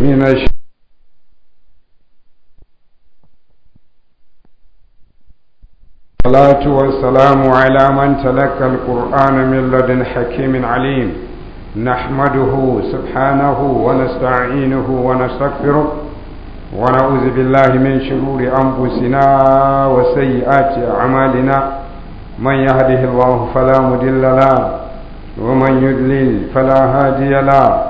من الشيطان الصلاة والسلام على من تلقى القرآن من لدن حكيم عليم نحمده سبحانه ونستعينه ونستغفره ونعوذ بالله من شرور أنفسنا وسيئات أعمالنا من يهده الله فلا مضل له ومن يضلل فلا هادي له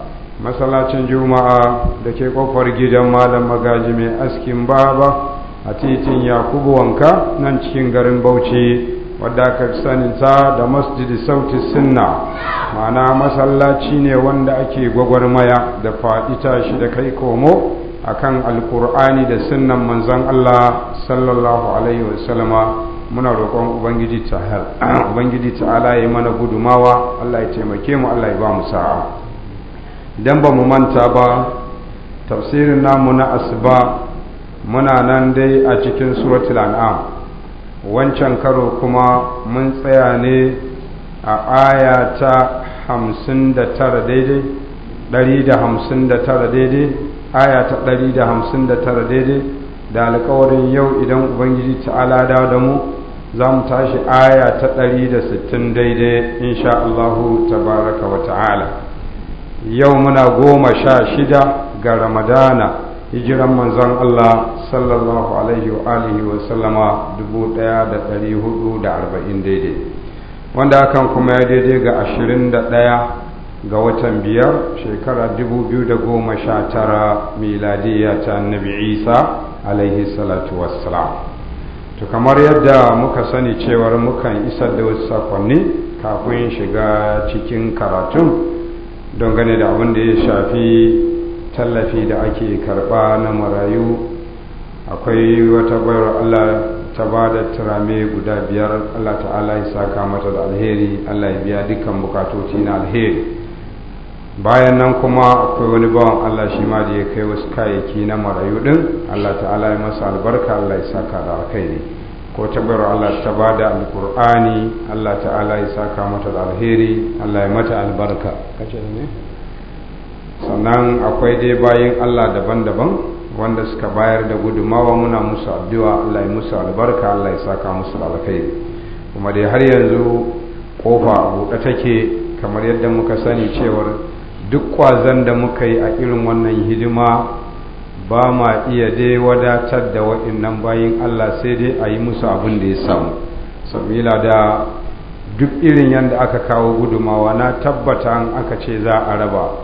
masallacin juma'a da ke ƙofar gidan malam magaji mai askin baba a titin yakubu wanka nan cikin garin bauchi wadda aka saninta da masjidi sauti sinna mana masallaci ne wanda ake gwagwarmaya da faɗi shi da kai komo a akan alkur'ani da sunnan manzon Allah sallallahu alaihi wasallama muna roƙon ubangiji ta'ala ubangiji mana gudumawa Allah ya taimake mu Allah ya ba mu sa'a idan ba mu manta ba tafsirin namu na asuba muna nan dai a cikin suratul an'am wancan karo kuma mun tsaya ne a aya ta hamsin da tara daidai ɗari da hamsin da tara daidai aya ta ɗari da hamsin da tara daidai da alkawarin yau idan ubangiji ta al'ada da mu za mu tashi aya ta ɗari da sittin daidai insha Allahu tabaraka wa ta'ala yau muna goma sha shida ga ramadana hijiran manzon Allah sallallahu alaihi wa wa sallama dubu ɗaya da ɗari hudu da arba'in daidai wanda hakan kuma ya daidai ga ashirin da ɗaya ga watan biyar shekara dubu biyu da goma sha tara miladiyya ta annabi isa alaihi salatu wassalam to kamar yadda muka sani cewar mukan isar da wasu sakonni kafin shiga cikin karatun don gane da abin da ya shafi tallafi da ake karba na marayu akwai wata bayar Allah ta ba da turame guda biyar Allah ta'ala ya saka mata da alheri Allah ya biya dukkan bukatoci na alheri bayan nan kuma akwai wani bawan Allah shi ma da ya kai wasu kayayyaki na marayu din Allah ta'ala ya masa albarka Allah ya saka da alkhairi ko ta Allah ta ba da alkur'ani Allah ta'ala ya saka mata alheri Allah ya mata albarka sannan akwai dai bayin Allah daban-daban wanda suka bayar da gudummawa muna musu addu'a Allah ya musu albarka Allah ya saka musu da alheri. kuma dai har yanzu kofa a buɗe take kamar yadda muka sani cewar duk kwazan da muka yi a irin wannan hidima ba ma iya dai wadatar da waɗannan bayin Allah sai dai a yi musu abin da ya samu sabila da duk irin yadda aka kawo gudumawa na tabbata aka ce za a raba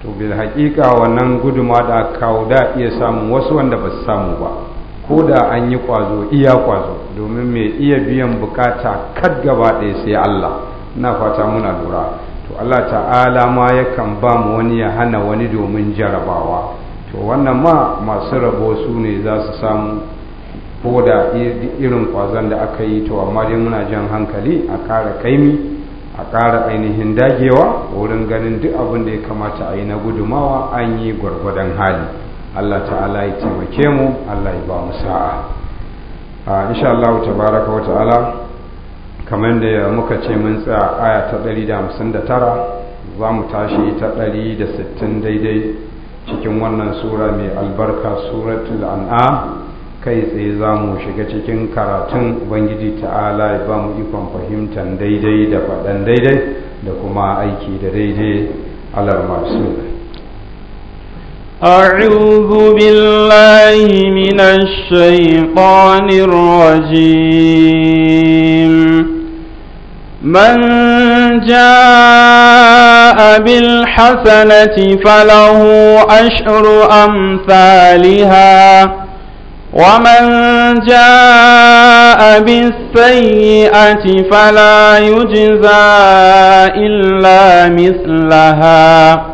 to bil haƙiƙa wannan guduma da aka kawo da iya samun wasu wanda ba su samu ba ko da an yi kwazo iya kwazo domin mai iya biyan bukata kad gaba ɗaya sai Allah na fata muna lura to Allah ta'ala ma yakan ba mu wani ya hana wani domin jarabawa to wannan ma masu rabo su ne za su samu ko da irin kwazon da aka yi to amma dai muna jan hankali a kara kaimi a kara ainihin dagewa wurin ganin duk abin da ya kamata a yi na gudumawa an yi gwargwadon hali allah ta'ala ya taimake mu allah ya ba mu sa'a a insha allahu tabaraka wa ta'ala kamar da muka ce mun tsaya aya ta 159 za mu tashi ta 160 daidai cikin wannan sura mai albarka suratul an'am kai tsaye za mu shiga cikin karatun ubangiji ta'ala ya ba mu ikon fahimtar daidai da faɗan daidai da kuma aiki da daidai alar masu أعوذ بالله من الشيطان الرجيم من جاء بالحسنة فله عشر أمثالها ومن جاء بالسيئة فلا يجزى إلا مثلها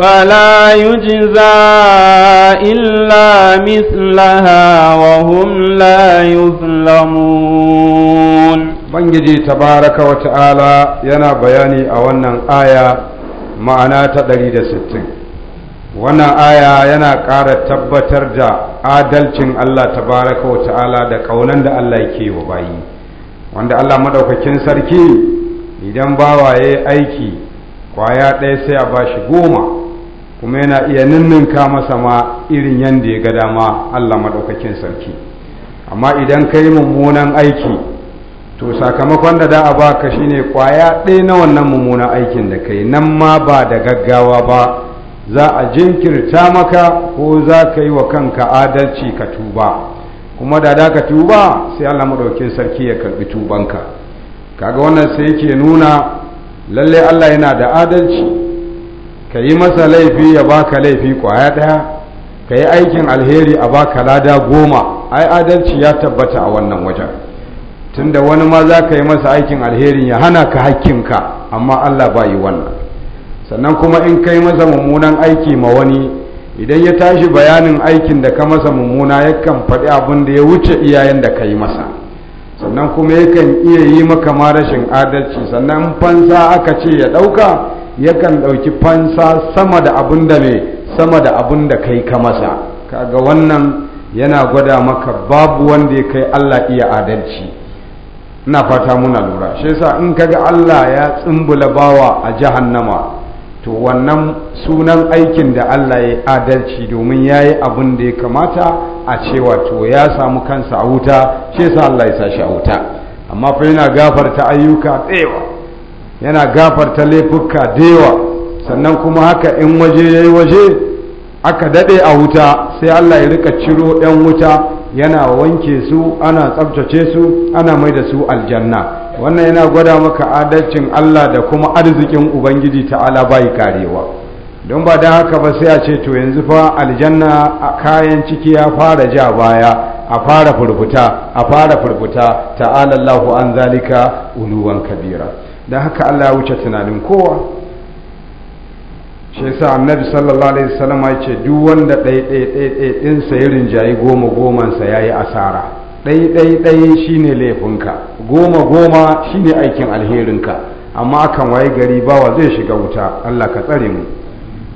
فلا يجزى إلا مثلها وهم لا يظلمون بنجي تبارك وتعالى ينا بياني أولا آية معنا تدريد ستين wannan aya yana ƙara tabbatar da adalcin Allah tabaraka wa da ƙaunan da Allah ke wa bayi wanda Allah maɗaukakin sarki idan bawaye aiki kwaya ɗaya sai a ba shi goma kuma yana iya ninninka masa ma irin yadda ya ga dama Allah maɗaukakin sarki amma idan ka yi mummunan aiki to sakamakon da da a baka shine kwaya ɗaya na wannan mummunan aikin da kai nan ma ba da gaggawa ba za a jinkirta maka ko za ka yi wa kanka adalci ka tuba kuma da da ka tuba sai Allah maɗaukin sarki ya karɓi tubanka kaga wannan sai yake nuna lalle Allah yana da adalci ka yi masa laifi ya baka laifi kwaya ɗaya ka yi aikin alheri a baka lada goma ai adalci ya tabbata a wannan wajen tunda wani ma za ka yi masa aikin alherin ya hana ka hakkinka amma Allah ba yi wannan sannan kuma in ka yi masa mummunan aiki ma wani idan ya tashi bayanin aikin da ka masa mummuna yakan faɗi abin da ya wuce iyayen da ka yi masa sannan kuma yakan iya yi maka ma rashin adalci sannan fansa aka ce ya ɗauka yakan ɗauki fansa sama da abin da mai sama da abin da kai ka masa kaga wannan yana gwada maka babu wanda ya kai Allah iya adalci ina fata muna lura shi yasa in kaga Allah ya tsumbula bawa a jahannama to wannan sunan aikin da Allah ya adalci domin ya yi abin da ya kamata a cewa to ya samu kansa a wuta shi yasa Allah ya sa shi a wuta amma fa yana gafarta ayyuka tsewa yana gafarta laifuka da yawa sannan kuma haka in waje ya yi waje aka daɗe a wuta sai Allah ya rika ciro 'yan wuta yana wanke su ana tsabtace su ana mai da su aljanna wannan yana gwada maka adalcin Allah da kuma arzikin Ubangiji ta'ala bai karewa don ba da haka ba sai a ce to yanzu fa aljanna a kayan ciki ya fara ja baya a fara furfuta a fara furfuta ta'ala Allahu an zalika uluwan kabira da haka Allah ya wuce tunanin kowa shi yasa annabi sallallahu alaihi wasallam ya ce duk wanda ɗaiɗaiɗinsa ya rinjayi goma gomansa ya yi asara ɗaiɗaiɗai shi ne laifinka goma goma shine aikin alherinka amma akan waye gari bawa zai shiga wuta Allah ka tsare mu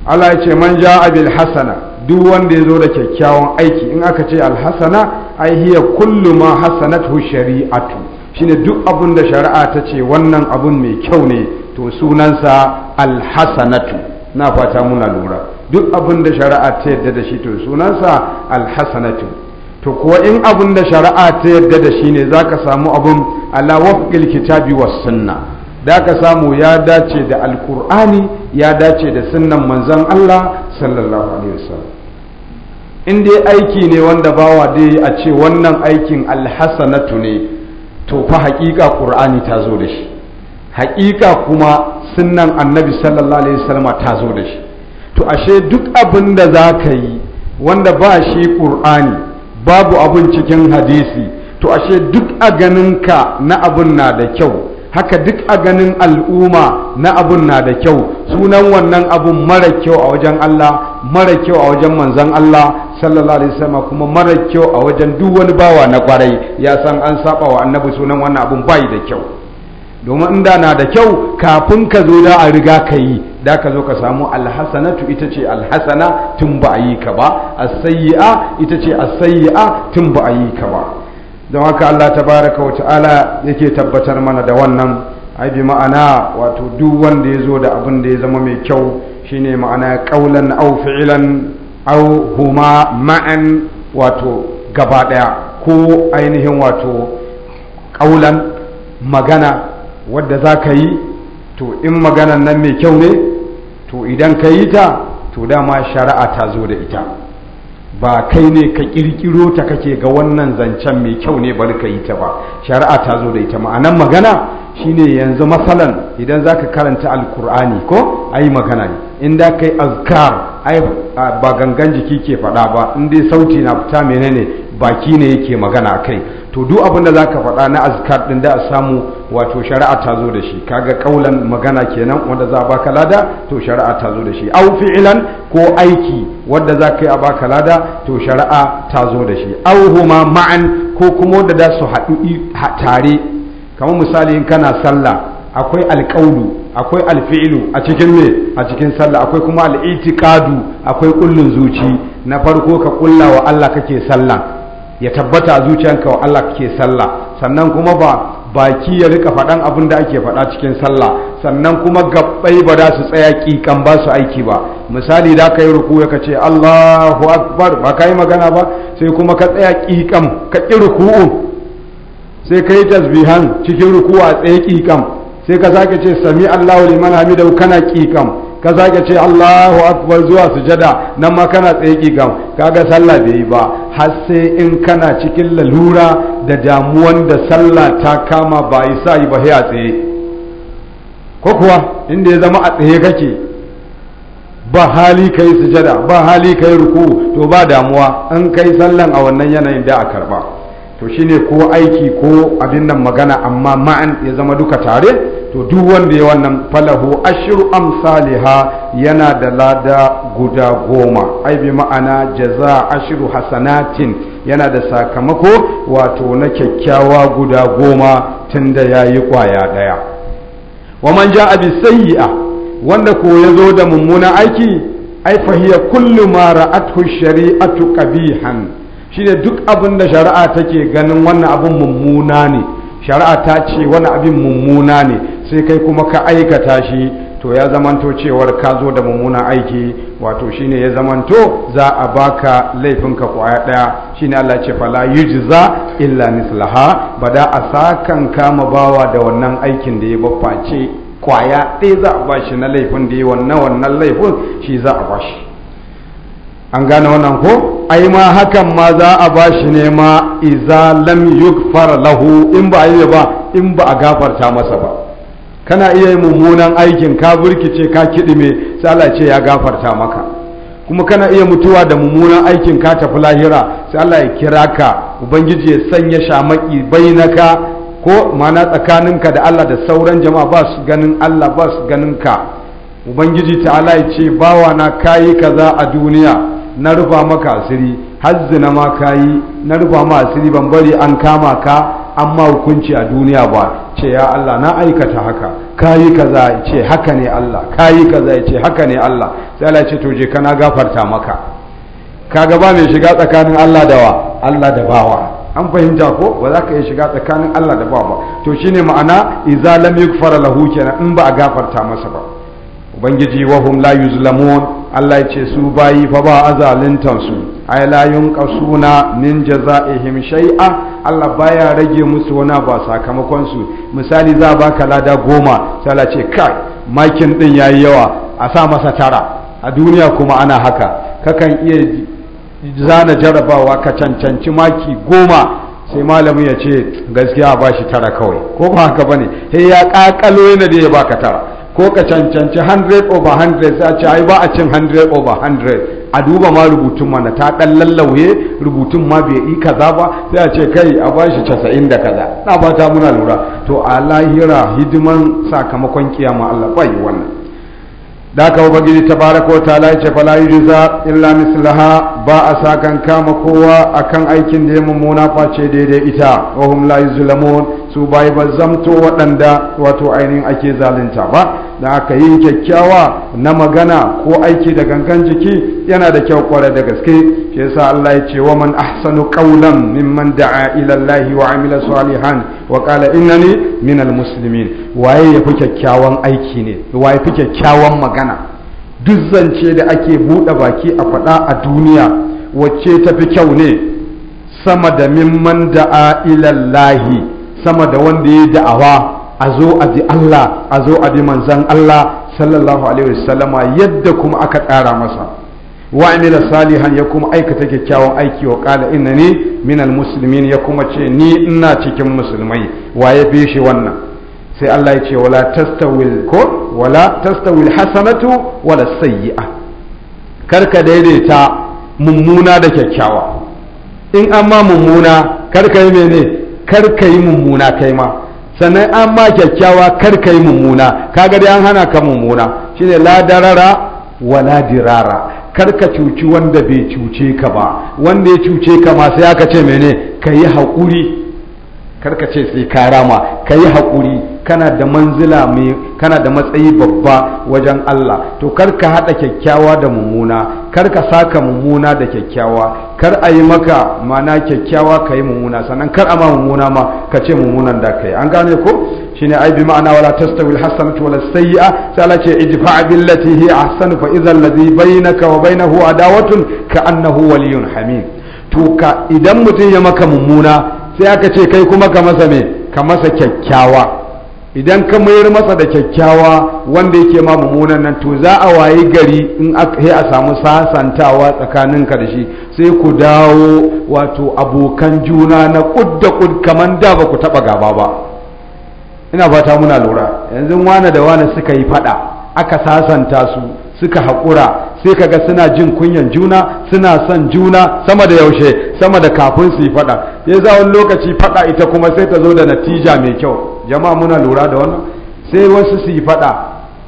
Allah ya ce man ja abil hasana duk wanda ya zo da kyakkyawan aiki in aka ce hasana ai hiya kullu ma hasanatu shari'atu shine duk abun da shari'a ta ce wannan abun mai kyau ne to sunansa alhassanatu na fata muna lura duk abun da shari'a ta yadda da shi to sunansa alhassanatu. to kuwa in abun da shari'a ta yadda da shi ne za ka samu abun alawafil kitabi wa sunna da ka samu ya dace da alkur'ani ya dace da sunnan manzon Allah sallallahu alaihi wasallam in dai aiki ne wanda bawa dai a ce wannan aikin alhassanatu ne to fa haƙiƙa ƙur'ani ta zo da shi haƙiƙa kuma sunnan annabi sallallahu alaihi wasallama ta zo da shi to ashe duk abin da za ka yi wanda ba shi ƙur'ani babu abin cikin hadisi to ashe duk a ganinka na abin na da kyau haka duk a ganin al'umma na abun na da kyau sunan wannan abun mara kyau a wajen Allah mara kyau a wajen manzon Allah sallallahu alaihi wasallam kuma mara kyau a wajen duk wani bawa na kwarai ya san an saba wa annabi sunan wannan abun bai da kyau domin inda na da kyau kafin ka zo da a riga ka yi da ka zo ka samu alhasanatu ita ce alhasana tun ba a yi ka ba as-sayyi'a ita ce asayyi'a tun ba a yi ka ba don haka Allah baraka wa ta'ala yake tabbatar mana da wannan ai ma'ana wato duk wanda ya zo da abin da ya zama mai kyau shine ma'ana qaulan au fi'ilan au huma ma'an wato gaba daya ko ainihin wato qaulan magana wadda za ka yi to in maganan nan mai kyau ne to idan ka yi ta to dama shari'a ta zo da ita ba kai ne ka kirkiro ta kake ga wannan zancen mai kyau ne bari ka yi ta ba shari'a ta zo da ita ma'anan magana shine yanzu masalan idan za ka karanta alkur'ani ko ayi magana ne in da kai azkar ba gangan jiki ke faɗa ba in dai sauti na fita menene baki ne yake magana kai to duk abin da za ka faɗa na azkar ɗin da a samu wato shari'a ta zo da shi kaga ƙaulan magana kenan wanda za a baka lada to shari'a ta zo da shi au fi'ilan ko aiki wanda za ka yi a baka lada to shari'a ta zo da shi au huma ma'an ko kuma wanda za su haɗu tare kamar misali in kana sallah akwai alƙaulu akwai alfi'ilu a cikin me a cikin sallah akwai kuma al'itikadu akwai kullun zuci na farko ka kulla wa Allah kake sallah ya tabbata a zuciyanka wa Allah ke sallah sannan kuma ba baki ya rika faɗan abin da ake faɗa cikin sallah sannan kuma gabbai ba za su tsaya kikan ba su aiki ba misali da ka yi ruku ya kace Allahu akbar ba ka yi magana ba sai kuma ka tsaya kikan ka ƙi ruku sai ka yi tasbihan cikin ruku a tsaye kikan sai ka sake ce sami Allahu liman hamidahu kana kikan ka sake ce Allahu akbar zuwa sujada nan ma kana tsaye gam kaga sallah bai yi ba har sai in kana cikin lalura da damuwan da sallah ta kama ba yi sa yi ba a tsaye ko kuwa inda ya zama a tsaye kake ba hali kai sujada ba hali kai ruku to ba damuwa an kai sallan a wannan yanayin da a karba to shine ko aiki ko abin nan magana amma ma'an ya zama duka tare to duk wanda ya wannan falahu ashiru amsaliha yana da lada guda goma ai bi ma'ana jaza ashiru hasanatin yana da sakamako wato na kyakkyawa guda goma tunda yi kwaya daya wa man ja'a bi sayyi'a wanda ko zo da mummuna aiki ai fahiya kullu ma ra'atuhu shari'atu qabihan shine duk abin da shari'a take ganin wannan abin mummuna ne shari'a ta ce wani abin mummuna ne sai kai kuma ka aikata shi to ya zamanto cewar ka zo da mummunan aiki wato shine ya zamanto za a baka laifinka kwaya daya shine Allah ce fala za illa ba da a sakan kama bawa da wannan aikin da ya ce kwaya ɗaya za a bashi na laifin da ya wannan wannan laifin shi za a bashi an gane wannan ko ai ma hakan ma za a bashi ne ma iza lam yukfar lahu in ba yi ba in ba a gafarta masa ba kana iya yi mummunan aikin ka burkice ka kiɗime sai Allah ce ya gafarta maka kuma kana iya mutuwa da mummunan aikin ka tafi lahira sai Allah ya kira ka ubangiji ya sanya shamaki bainaka ko mana tsakaninka da Allah da sauran jama'a ba su ganin Allah ba su ganin ka ubangiji ta'ala ya ce bawa na kayi kaza a duniya na rufa maka asiri na ma kayi na rufa ma asiri ban bari an kama ka amma hukunci a duniya ba ce ya Allah na aikata haka kayi kaza ya ce haka ne Allah kayi kaza ya ce haka ne Allah sai Allah ce to je kana gafarta maka ka gaba mai shiga tsakanin Allah da wa Allah da bawa an fahimta ko ba za ka iya shiga tsakanin Allah da bawa to shine ma'ana iza lam yughfar lahu kenan in ba a gafarta masa ba ubangiji hum la yuzlamun Allah ce su bayi fa ba azaluntan su ay la yunqasuna min jazaihim shay'a Allah baya rage musu wani ba sakamakon su misali za ba ka lada goma sai ce kai makin din yayi yawa a sa masa tara a duniya kuma ana haka kakan iya zana jarabawa ka cancanci maki goma sai malami ya ce gaskiya ba shi tara kawai ko ba haka bane sai ya kakalo yana da ya baka tara ko ka cancanci 100 over 100 sai a ce ai ba a cin 100 over 100 a duba ma rubutun mana ta dan lallauye rubutun ma bai yi kaza ba sai a ce kai a bashi 90 da kaza na ba ta muna lura to a lahira hidiman sakamakon kiyama Allah bai wannan da ka ubangiji bara ko ta'ala ya ce fala yujza illa mislaha ba a sa kan kama kowa a kan aikin da ya mummuna face daidai ita wa hum la zulamun su bai ba zamto waɗanda wato ainihin ake zalunta ba da aka yi kyakkyawa na magana ko aiki da gangan jiki yana da kyau kwarai da gaske ke sa Allah ya ce wa man ahsanu qawlan mimman da'a ila Allah wa amila salihan wa qala innani minal muslimin waye fi kyakkyawan aiki ne waye fi kyakkyawan magana magana duk zance da ake buɗe baki a faɗa a duniya wacce ta fi kyau ne sama da mimman da'a ilallahi sama da wanda ya da'awa a zo a ji Allah a zo a bi manzan Allah sallallahu alaihi wasallama yadda kuma aka tsara masa wa amila salihan ya kuma aikata kyakkyawan aiki wa qala innani minal muslimin ya kuma ce ni ina cikin musulmai wa ya fi shi wannan sai Allah ya ce wala tastawil ko wala tastawil hasanatu wala sayyi'a karka daidaita mummuna da kyakkyawa in an ma mummuna karka yi mene karka yi mummuna kai ma sannan an ma kyakkyawa karka yi mummuna kaga dai an hana ka mummuna shine la darara wala dirara karka cuci wanda bai cuce ka ba wanda ya cuce ka ma sai aka ce mene ka yi karka ce sai ka rama ka yi haƙuri kana da manzila mai kana da matsayi babba wajen Allah to kar ka hada kyakkyawa da mummuna kar ka saka mummuna da kyakkyawa kar a yi maka mana kyakkyawa ka yi mummuna sannan kar a ma mummuna ma ka ce mummunan da kai an gane ko shine ai bi ma'ana wala tastawi alhasanatu wala sayyi'a sala ce idfa billati hi ahsan fa idhal ladhi bainaka wa bainahu adawatun ka annahu waliyun hamim to ka idan mutum ya maka mummuna sai aka ce kai kuma ka masa me ka masa kyakkyawa idan ka mayar masa da kyakkyawa wanda yake ma mummunan nan to za a wayi gari in sai a samu sasantawa tsakanin ka da shi sai ku dawo wato abokan juna na kudda kud kaman da ba ku taba gaba ba ina fata muna lura yanzu wane da wane suka yi fada aka sasanta su suka haƙura sai ka ga suna jin kunyan juna suna son juna sama da yaushe sama da kafin su yi fada ya za wani lokaci fada ita kuma sai ta zo da natija mai kyau jama'a muna lura da wannan sai wasu su yi faɗa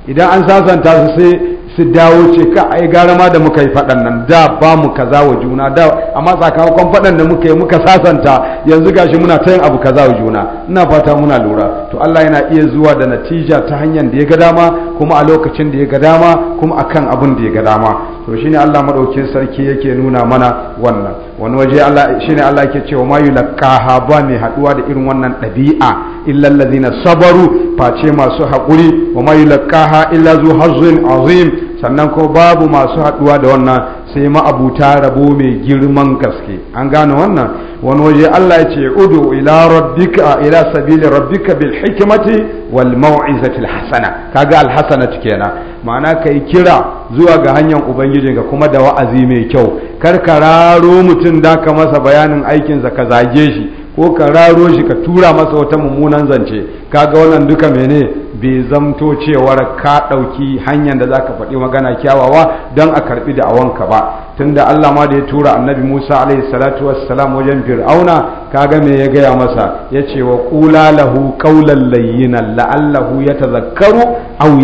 idan an sasanta su sai su dawo ce ka ai gara da muka yi faɗan nan da ba mu kaza wa juna da amma sakamakon faɗan da muka yi muka sasanta yanzu gashi muna ta yin abu kaza wa juna ina fata muna lura to Allah yana iya zuwa da natija ta hanyar da ya ga dama kuma a lokacin da ya ga dama kuma akan abin da ya ga dama to shi ne Allah madaukin sarki yake nuna mana wannan wani waje Allah ne Allah yake cewa ma yulqaha ba mai haɗuwa da irin wannan ɗabi'a illallazi na sabaru face masu haƙuri wa ma yulqaha illa zu hazzin azim sannan ko babu masu haɗuwa da wannan sai ma'abuta rabo mai girman gaske an gane wannan wani waje Allah ya ce udu ila rabbika ila sabili rabbika bil hikimati wal mau'izati al hasana kaga al hasanati kenan ma'ana ka yi kira zuwa ga hanyar ubangijin ubangijinka kuma da wa'azi mai kyau kar ka raro mutum da ka masa bayanin aikinsa ka zage shi ko ka raro shi ka tura masa wata mummunan zance kaga wannan duka mene bai zamto cewar ka ɗauki hanyar da za ka faɗi magana kyawawa don a karɓi da awanka ba tunda Allah ma da ya tura annabi Musa alaihi salatu wassalam wajen fir'auna kaga me ya gaya masa ya ce wa ƙula lahu qawlan layyinan la'allahu zakaru au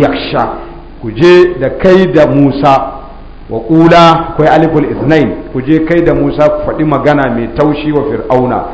ku je da kai da Musa wa ƙula kai alikul iznain ku je kai da Musa ku faɗi magana mai taushi wa fir'auna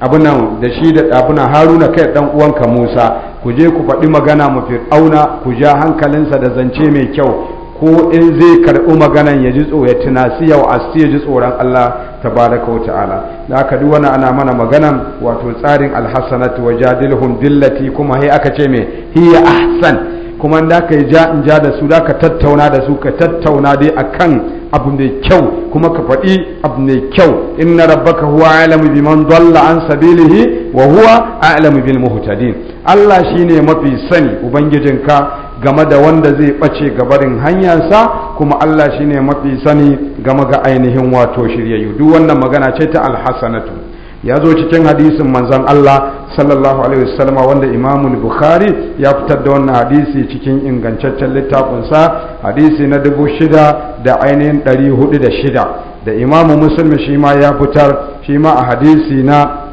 abunan da shi da abunan haruna kai dan uwanka Musa ku je ku faɗi magana mu fir'auna ku ja hankalinsa da zance mai kyau ko in zai karɓi maganan ya ji ya tunasi yau a ya ji tsoron Allah tabaraka wa ta'ala da aka duk wani ana mana maganan wato tsarin alhassanatu wa jadilhum billati kuma sai aka ce me hiya ahsan kuma da ka ja in ja da su da ka tattauna da su ka tattauna dai akan abu mai kyau kuma ka faɗi abu mai kyau inna rabbaka huwa a'lamu biman dalla an sabilihi wa huwa a'lamu bil muhtadin Allah shine mafi sani ubangijinka game da wanda zai ɓace gabarin hanyarsa kuma Allah shi ne mafi sani game ga ainihin wato shiryayyu duk wannan magana ce ta alhassanatu ya zo cikin hadisin manzon Allah sallallahu alaihi wasallama wanda Imam Bukhari ya fitar da wannan hadisi cikin ingantaccen littafinsa hadisi na dubu shida da ainihin ɗari hudu da shida da Imam Muslim shi ma ya fitar shi ma a hadisi na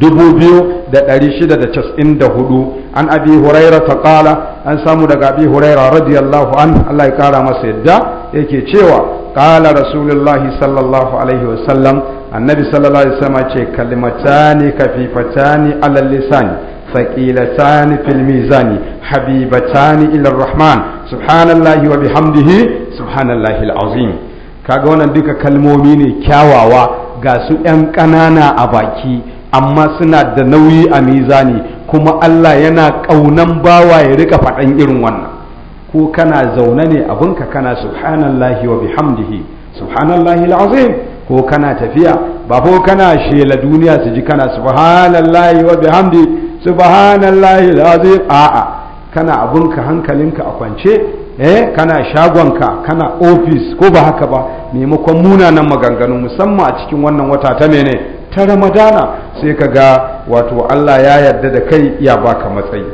2694 an abi huraira ta kala an samu daga abi huraira radiyallahu an Allah ya kara masa yadda yake cewa kala rasulullahi sallallahu alaihi wasallam annabi sallallahu alaihi wasallam ce kalimatani kafifatani alal lisani ثقيلتان في الميزان حبيبتان إلى الرحمن سبحان الله وبحمده سبحان الله العظيم kaga wannan duka kalmomi ne kyawawa ga su 'yan ƙanana a baki amma suna da nauyi a mizani kuma Allah yana ƙaunan bawa ya rika faɗan irin wannan ko kana zaune ne abinka kana subhanallahi wa bihamdihi subhanallahi alazim ko kana tafiya ba ko kana shela duniya su ji kana subhanallahi wa bihamdi subhanallahi alazim a'a kana abinka hankalinka a kwance eh kana shagonka kana ofis ko ba haka ba maimakon munanan maganganu musamman a cikin wannan wata ta mene ta ramadana sai ka ga wato Allah ya yarda da kai ya baka matsayi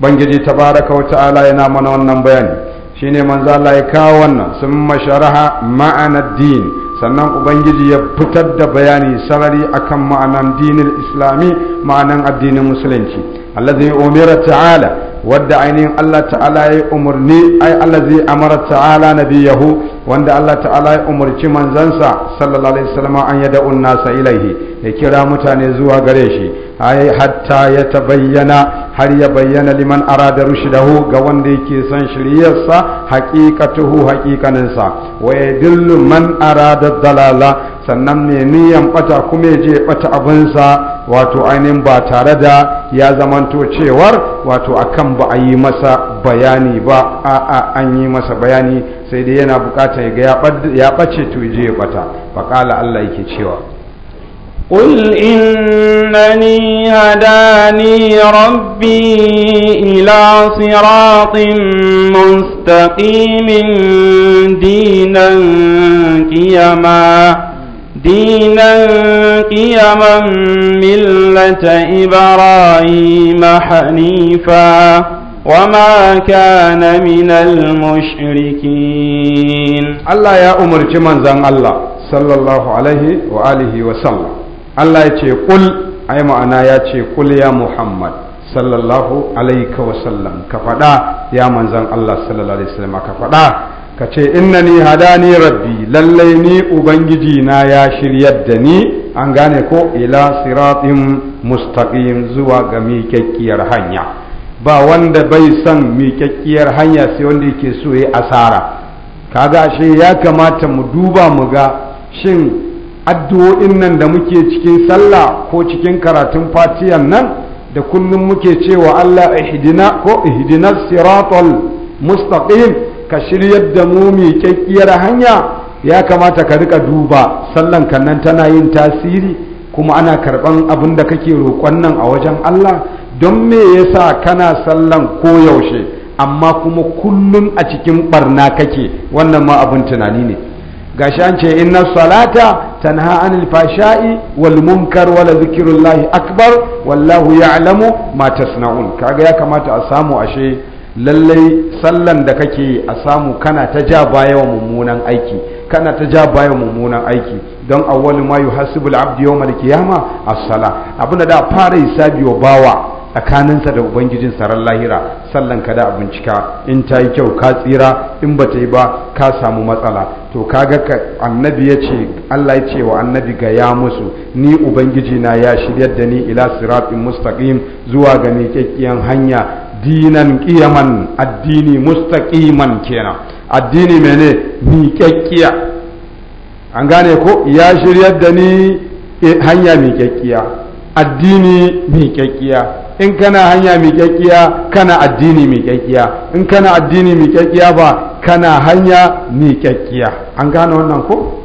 bangiji tabaraka wa ta'ala yana mana wannan bayani shine manza Allah ya kawo wannan sun masharaha ma'anar din sannan ubangiji ya fitar da bayani sarari akan ma'anan dinin islami ma'anan addinin musulunci allazi umira ta'ala wadda ainihin Allah ta'ala ya umarni ai allazi amara ta'ala nabiyahu wanda Allah ta'ala ya umarci manzansa sallallahu alaihi wasallam an yada unnasa ilaihi ya kira mutane zuwa gare shi ai hatta ya tabayyana har ya bayyana liman arada rushdahu ga wanda yake son shiriyarsa haqiqatuhu haqiqaninsa wa yadullu man arada dalala sannan ne niyan bata kuma ya je bata abinsa wato ainihin ba tare da ya zamanto cewar wato akan ba a yi masa bayani ba a an yi masa bayani sai dai yana bukatar ga ya ɓace to je ya bata faƙala Allah yake cewa قل إنني هداني rabbi إلى صراط مستقيم دينا قيما دينا قيما ملة إبراهيم حنيفا وما كان من المشركين الله يا أمر جمان زن الله صلى الله عليه وآله وسلم الله يتي قل أي معنى يتي قل يا محمد sallallahu alaika wasallam ka faɗa ya manzan Allah sallallahu alaihi wasallam ka faɗa ka ce innani hadani rabbi lallai ni ubangiji na ya shiryar da ni an gane ko ila siratin mustaqim zuwa ga miƙaƙƙiyar hanya ba wanda bai san miƙaƙƙiyar hanya sai wanda yake so ya asara kaga ashe ya kamata mu duba mu ga shin addu'o'in nan da muke cikin sallah ko cikin karatun fatiyan nan da kullum muke cewa Allah ihdina ko ihdinas siratal mustaqim ka shiryar da mu mai kyakkiyar hanya ya kamata ka rika duba sallan kannan tana yin tasiri kuma ana karɓan abin da kake roƙon nan a wajen Allah don me yasa kana sallan koyaushe amma kuma kullum a cikin ɓarna kake wannan ma abin tunani ne gashi an ce inna salata tanha anil fashai wal munkar wala zikrullahi akbar wallahu ya'lamu ma tasna'un kaga ya kamata a samu ashe lallai sallan da kake a samu kana ta ja baya wa mummunan aiki kana ta ja baya wa mummunan aiki don awwalu ma yuhasibu al-abdu yawm al-qiyama as-sala abinda da fara hisabi wa bawa tsakaninsa da ubangijin saran lahira sallan ka da abincika. in ta yi kyau ka tsira in ba ta yi ba ka samu matsala to kaga ka annabi ya ce Allah ya ce wa annabi ga ya musu ni Ubangijina ya shiryar da ni ila siratin mustaqim zuwa ga miƙaƙƙiyan hanya dinan qiyaman addini mustaqiman kenan addini mene miƙaƙƙiya an gane ko ya shiryar da ni e, hanya miƙaƙƙiya addini miƙaƙƙiya in kana hanya miƙaƙƙiya kana addini miƙaƙƙiya in kana addini miƙaƙƙiya ba kana hanya miƙaƙƙiya an gane wannan ko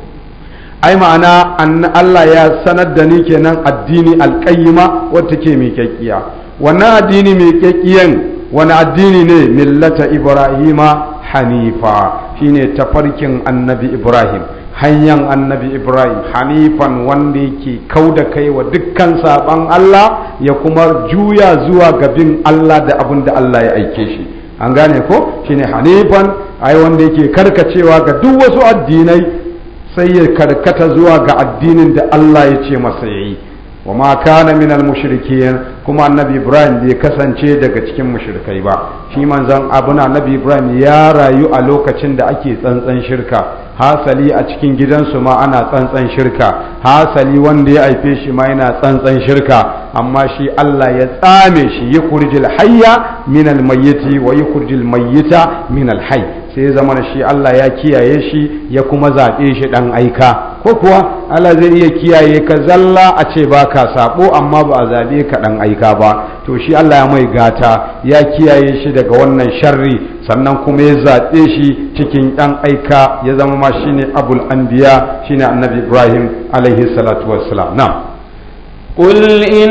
ai ma'ana Allah ya sanar da ni kenan addini alƙayyima wacce ke miƙaƙƙiya wannan addini mai kyakiyan wani addini ne millata ibrahima hanifa shine tafarkin annabi ibrahim hanyar annabi ibrahim hanifan wanda yake kau da kai wa dukkan saban allah ya kuma juya zuwa gabin allah da abin da allah ya aike shi an gane ko shine hanifan ai wanda yake karkacewa ga duk wasu addinai sai ya karkata zuwa ga addinin da allah ya ce masa ya yi wa ma kana min al kuma annabi ibrahim bai kasance daga cikin mushrikai ba shi manzon abuna annabi ibrahim ya rayu a lokacin da ake tsantsan shirka hasali a cikin gidansu ma ana tsantsan shirka hasali wanda ya haife shi ma yana tsantsan shirka amma shi Allah ya tsame shi yukhrijul hayya min al-mayyiti wa yukhrijul mayyita min al-hayy sai zama shi Allah ya kiyaye shi ya kuma zaɓe shi ɗan aika ko kuwa Allah zai iya kiyaye ka zalla a ce ba ka saɓo amma ba a zaɓe ka ɗan aika ba to shi Allah ya mai gata ya kiyaye shi daga wannan sharri sannan kuma ya zaɓe shi cikin ɗan aika ya zama ma shi ne abul anbiya ne annabi ibrahim alaihi salatu wassalam na'am قل إن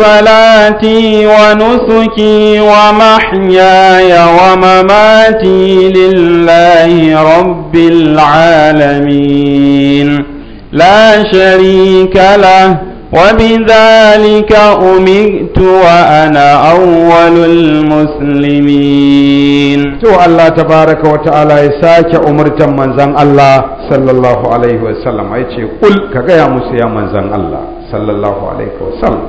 صلاتي ونسكي ومحياي ومماتي لله رب العالمين لا شريك له وبذلك أمرت وأنا أول المسلمين تو الله تبارك وتعالى يساك أمرت من زن الله صلى الله عليه وسلم أيتي قل كغيا موسى من زن الله sallallahu alaihi wasallam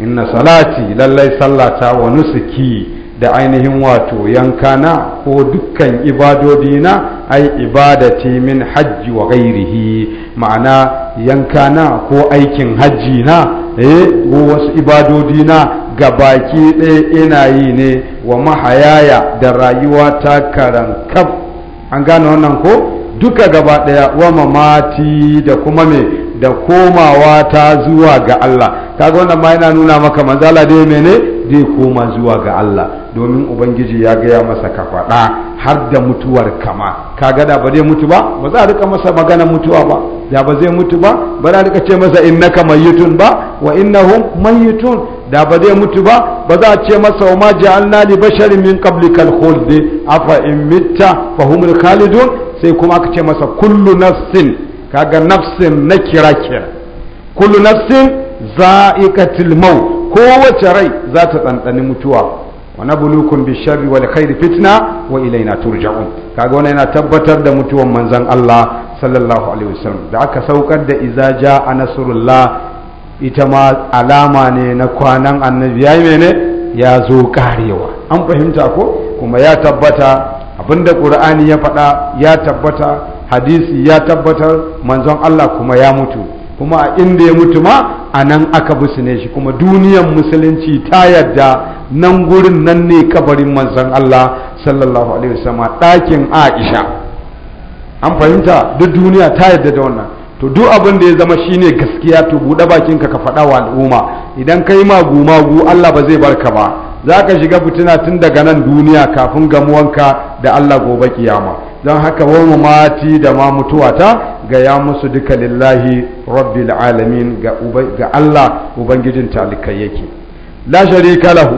inna salati lallai sallata wa nusuki da ainihin wato yankana ko dukkan ibadodina ai ibadati min hajji wa ghairihi ma'ana yankana ko aikin hajji na eh ko wasu ibadodina gabaki ɗaya ina yi ne wa mahayaya da rayuwa ta karankaf an gane wannan ko duka gaba ɗaya wa mamati da kuma me da komawa ta zuwa ga Allah ga wannan ma yana nuna maka manzala dai mene zai koma zuwa ga Allah domin ubangiji ya gaya masa ka faɗa har da mutuwar kama kaga da ba zai mutu ba ba za a rika masa magana mutuwa ba da ba zai mutu ba ba za a rika ce masa innaka mayyitun ba wa innahum mayyitun da ba zai mutu ba ba za a ce masa wa ma ja'alna li basharin min qablika khuld afa in mitta fa humul khalidun sai kuma aka ce masa kullu nafsin kaga nafsin na kira kira kullu nafsin za'iqatul maut kowace rai za ta tsantsani mutuwa wa bi sharri wal khairi fitna wa ilayna turja'un kaga wannan yana tabbatar da mutuwan manzon Allah sallallahu alaihi wasallam da aka saukar da iza ja'a nasrullah ita ma alama ne na kwanan annabi yayi mene ya zo karewa an fahimta ko kuma ya tabbata abinda qur'ani ya faɗa ya tabbata hadisi ya tabbatar manzon Allah kuma ya mutu kuma a inda ya mutu ma a nan aka bisne shi kuma duniyan musulunci ta yadda nan gurin nan ne kabarin manzon Allah sallallahu alaihi wasallam ɗakin Aisha an fahimta duk duniya ta yadda da wannan to duk abin da ya zama shine gaskiya to buɗe bakinka ka faɗa wa al'umma idan kai magu magu Allah ba zai barka ba za ka shiga fitina tun daga nan duniya kafin gamuwanka da Allah gobe kiyama don haka wa mati da ma mutuwata ga ya musu duka lillahi rabbil alamin ga Allah ubangijin talikai yake la sharika lahu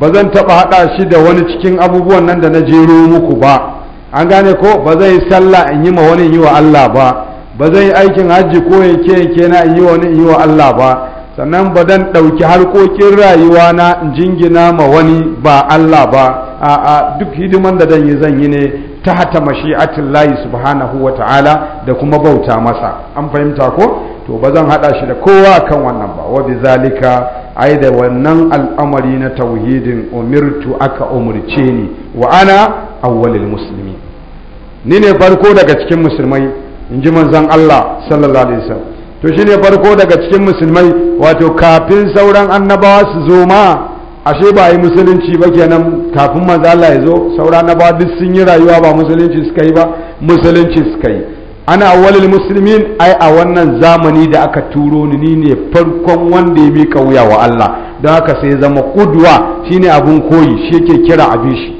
ba zan taba hada shi da wani cikin abubuwan nan da na jero muku ba an gane ko ba zai sallah in yi ma wani yi wa Allah ba ba zai aikin hajji ko yake yake na yi wa wani yi wa Allah ba sannan ba dan ɗauki harkokin rayuwa na jingina ma wani ba Allah ba a duk hidiman da dan yi zan yi ne tahta layi subhanahu wa ta'ala da kuma bauta masa an fahimta ko to ba zan hada shi da kowa kan wannan ba wa a ai da wannan al'amari na tauhidin umirtu aka umurce ni wa ana awwalil muslimi ni ne farko daga cikin musulmai in ji manzon Allah sallallahu alaihi wasallam to shine farko daga cikin musulmai wato kafin sauran annabawa su zo ma ashe ba a yi musulunci ba kenan kafin mazala ya zo saura na ba duk sun yi rayuwa ba musulunci suka yi ba musulunci suka yi ana awwalul musulmin ai a wannan zamani da aka turo ni ni ne farkon wanda ya mika wuya wa Allah don haka sai zama kudwa shine abun koyi shi yake kira abin shi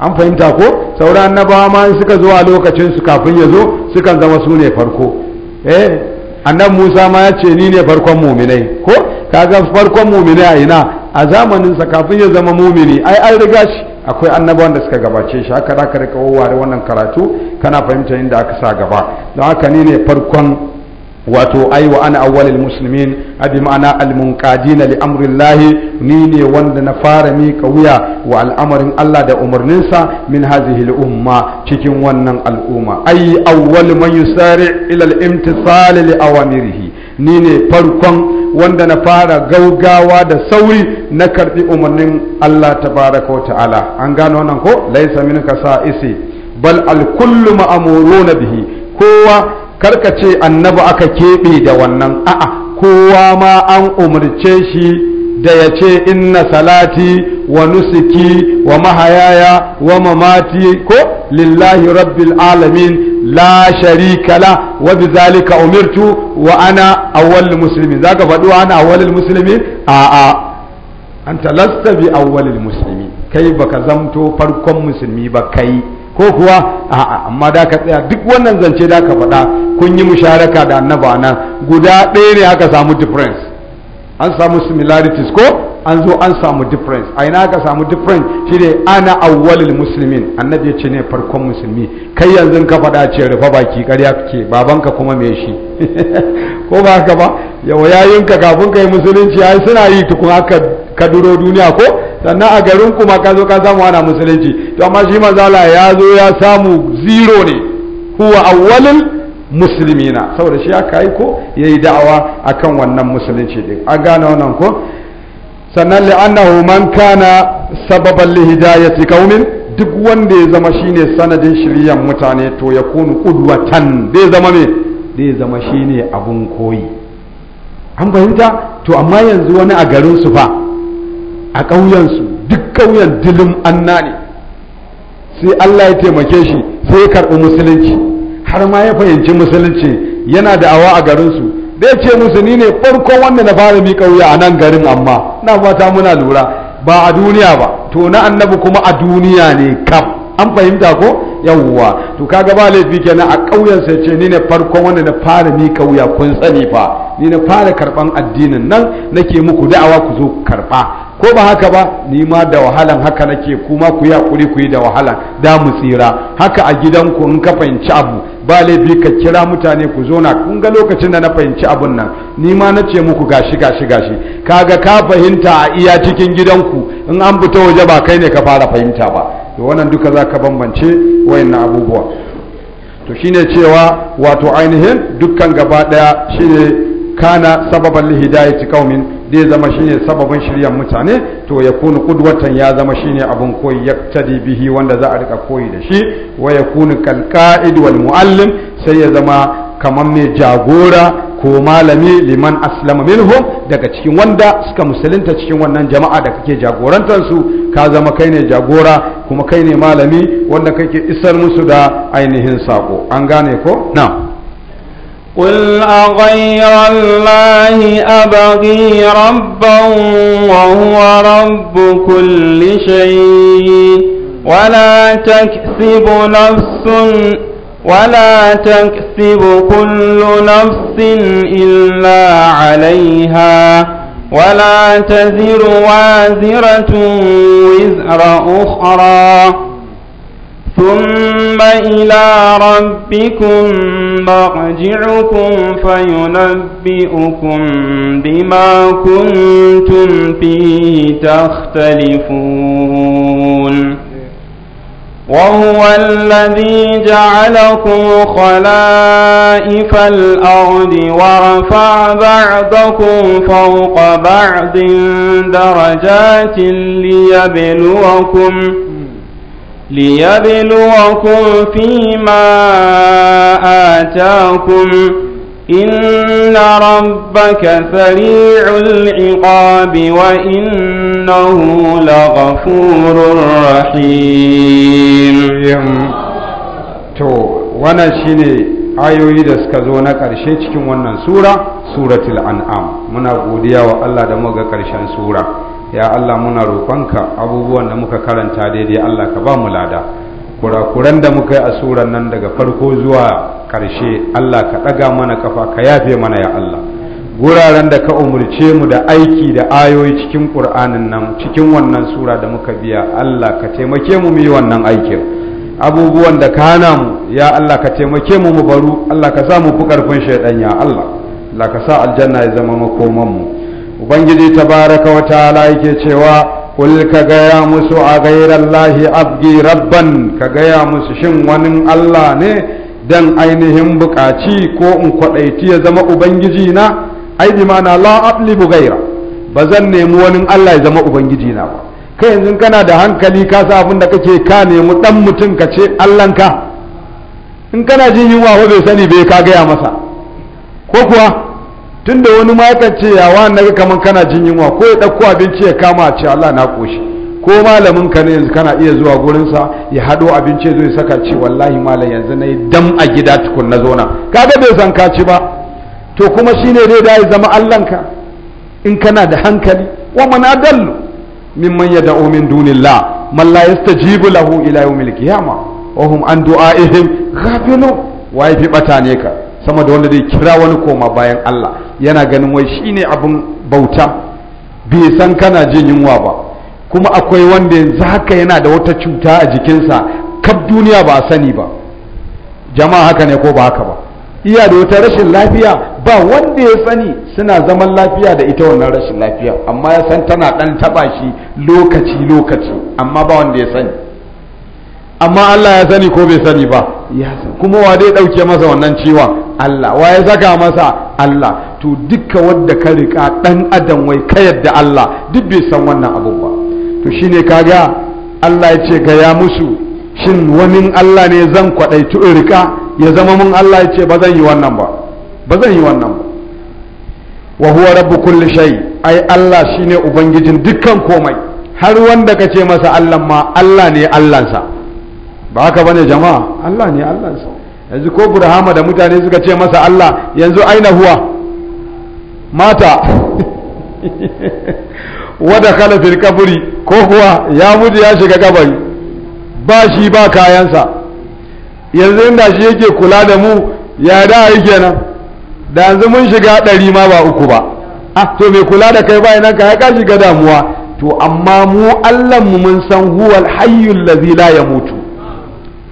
an fahimta ko saura na ba ma suka zo a lokacin su kafin ya zo sukan zama su ne farko eh annabi Musa ma ya ce ni ne farkon muminai ko kaga farkon muminai a ina a zamanin sa kafin ya zama mumini ai an riga shi akwai annabawan da suka gabace shi haka zaka rika wawware wannan karatu kana fahimta inda aka sa gaba don haka ni ne farkon wato ai wa ana awwalil muslimin abi ma'ana al munqadina li amrillahi ni ne wanda na fara mika wuya wa al'amarin Allah da sa min hadhihi al umma cikin wannan al'umma ai awwal man yusari ila al imtisal li awamirihi ni ne farkon wanda na fara gaugawa da sauri na karbi umarnin Allah baraka wa ta'ala an gano wannan ko laisa minka isi. bal al kullu ma'muruna bihi kowa karkace annabi aka kebe da wannan a'a kowa ma an umarce shi da ya ce inna salati wa nusuki wa mahayaya wa mamati ko lillahi rabbil alamin la sharika la wa bizalika umirtu wa ana awwalul muslimin zaka faɗo ana awwalul muslimin a a anta lasta bi awwalul muslimin kai baka zamto farkon musulmi ba kai ko kuwa a'a amma da ka tsaya duk wannan zance da ka faɗa kun yi musharaka da annaba nan guda ɗaya ne aka samu difference an samu similarities ko an zo an samu difference a ina ka samu difference shi ne ana awwalil musulmin annabi ya ce ne farkon musulmi kai yanzu ka faɗa ce rufa baki ƙarya kake babanka kuma me shi ko ba haka ba yau yayinka kafin ka yi musulunci ai suna yi tukun haka ka duniya ko sannan a garin kuma ka zo ka samu ana musulunci to amma shi manzala ya zo ya samu zero ne huwa awwalil musulmina saboda shi aka kai ko yayi da'awa akan wannan musulunci din an gane wannan ko sannan li'annahu man kana sababan ya qaumin duk wanda ya zama shine sanadin shiryan mutane to ya kunu qudwatan zai zama me zai zama shine abun koyi an fahimta to amma yanzu wani a garin su fa a ƙauyen duk ƙauyen dilim anna ne sai Allah ya taimake shi sai ya karɓi musulunci har ma ya fahimci musulunci yana da awa a garinsu? zai ce musu ni ne farkon wanda na fara miƙa wuya a nan garin amma na fata muna lura ba a duniya ba to na annabi kuma a duniya ne kam an fahimta ko yawwa to kaga ba laifi kenan a ƙauyen sai ce ni ne farkon wanda na fara mi kauya kun sani fa ni na fara karban addinin nan nake muku da'awa ku zo karɓa ko ba haka ba ni ma da wahalan haka nake kuma ku yi hakuri ku yi da wahalan da mu tsira haka a gidanku in ka fahimci abu ba laifi ka kira mutane ku zona kun ga lokacin da na fahimci abun nan ni ma na ce muku gashi gashi gashi ka ga ka fahimta a iya cikin gidanku in an fita waje ba kai ne ka fara fahimta ba to wannan duka za ka bambance wayannan abubuwa to shine cewa wato ainihin dukkan gaba daya shine kana sababan lihidayati qaumin zai zama shine sababin shiryan mutane to ya kuni kudwatan ya zama shine abun koyi ya tadi bihi wanda za a rika koyi da shi wa ya kuni kalka'id wal muallim sai ya zama kamar mai jagora ko malami liman aslama minhum daga cikin wanda suka musulunta cikin wannan jama'a da kake jagorantar su ka zama kai ne jagora kuma kai ne malami wanda kake isar musu da ainihin sako an gane ko na'am قل أغير الله أبغي ربا وهو رب كل شيء ولا تكسب نفس ولا تكسب كل نفس إلا عليها ولا تزر وازرة وزر أخرى ثم إلى ربكم مرجعكم فينبئكم بما كنتم فيه تختلفون وهو الذي جعلكم خلائف الأرض ورفع بعضكم فوق بعض درجات ليبلوكم ليبلوكم فيما آتاكم إن ربك سريع العقاب وإنه لغفور رحيم to wannan shine ayoyi da suka zo na ƙarshe cikin wannan sura suratul an'am muna godiya wa Allah da muga ƙarshen sura ya Allah muna roƙonka abubuwan da muka karanta daidai Allah ka ba mu lada kurakuran da muka yi a suran nan daga farko zuwa ƙarshe Allah ka ɗaga mana kafa ka yafe mana ya Allah guraren da ka umurce mu da aiki da ayoyi cikin ƙur'anin nan cikin wannan sura da muka biya Allah ka taimake mu mu yi wannan aikin abubuwan da ka hana mu ya Allah ka taimake mu mu baru Allah ka sa mu fi ƙarfin shaidan ya Allah Allah ka sa aljanna ya zama makoman mu ubangiji tabaraka wa ta'ala yake cewa kul ka gaya musu a ghairallahi abgi rabban ka gaya musu shin wani Allah ne dan ainihin bukaci ko in kwadaiti ya zama ubangiji na ai bi la ablibu ba zan nemi wani Allah ya zama ubangiji na ba kai yanzu kana da hankali ka sa abin da kake ka nemi dan mutum ka ce Allahnka in kana jin yunwa bai sani bai ka gaya masa ko kuwa Tun da wani ma yawa ce ya wa naga kaman kana jin yunwa ko ya ɗauko abinci ya kama a ce Allah na ƙoshi ko malamin ka ne yanzu kana iya zuwa gurinsa ya haɗo abinci zai saka ce wallahi malam yanzu na yi dam a gida tukun na zona ga bai san ka ci ba to kuma shi ne dai da ya zama Allahnka in kana da hankali wa mana dallu mimman yad'u min dunillah man la yastajibu lahu ila yawmil qiyamah wa hum an du'aihim ghafilun wa yafi bata ne ka sama da wanda zai kira wani koma bayan Allah yana ganin wai shi ne abin bauta bai san kana jin yunwa ba kuma akwai wanda yanzu haka yana da wata cuta a jikinsa kaf duniya ba a sani ba jama'a haka ne ko ba haka ba iya da wata rashin lafiya ba wanda ya sani suna zaman lafiya da ita wannan rashin lafiya amma ya san tana dan taba shi lokaci lokaci amma ba wanda ya sani amma Allah ya sani ko bai sani ba kuma wa dai dauke masa wannan ciwon Allah wa ya saka masa Allah to dukka wanda ka rika ɗan adam wai ka yadda Allah duk bai san wannan abu ba to shine kaga Allah ya ce ga ya musu shin wani Allah ne zan kwadaitu in rika ya zama mun Allah ya ce ba zan yi wannan ba ba zan yi wannan ba wa huwa rabbu kulli shay ai Allah shine ubangijin dukkan komai har wanda ka ce masa Allah ma Allah ne Allahnsa ba haka bane jama'a Allah ne Allah sa yanzu ko burhama da mutane suka ce masa Allah yanzu aina huwa mata wada kala fil kaburi ko kuwa ya mutu ya shiga kabari ba shi ba kayansa yanzu inda shi yake kula da mu ya da yake nan da yanzu mun shiga ɗari ma ba uku ba ah to mai kula da kai bayan ka ka shiga damuwa to amma mu mu mun san huwal hayyul ladzi la yamutu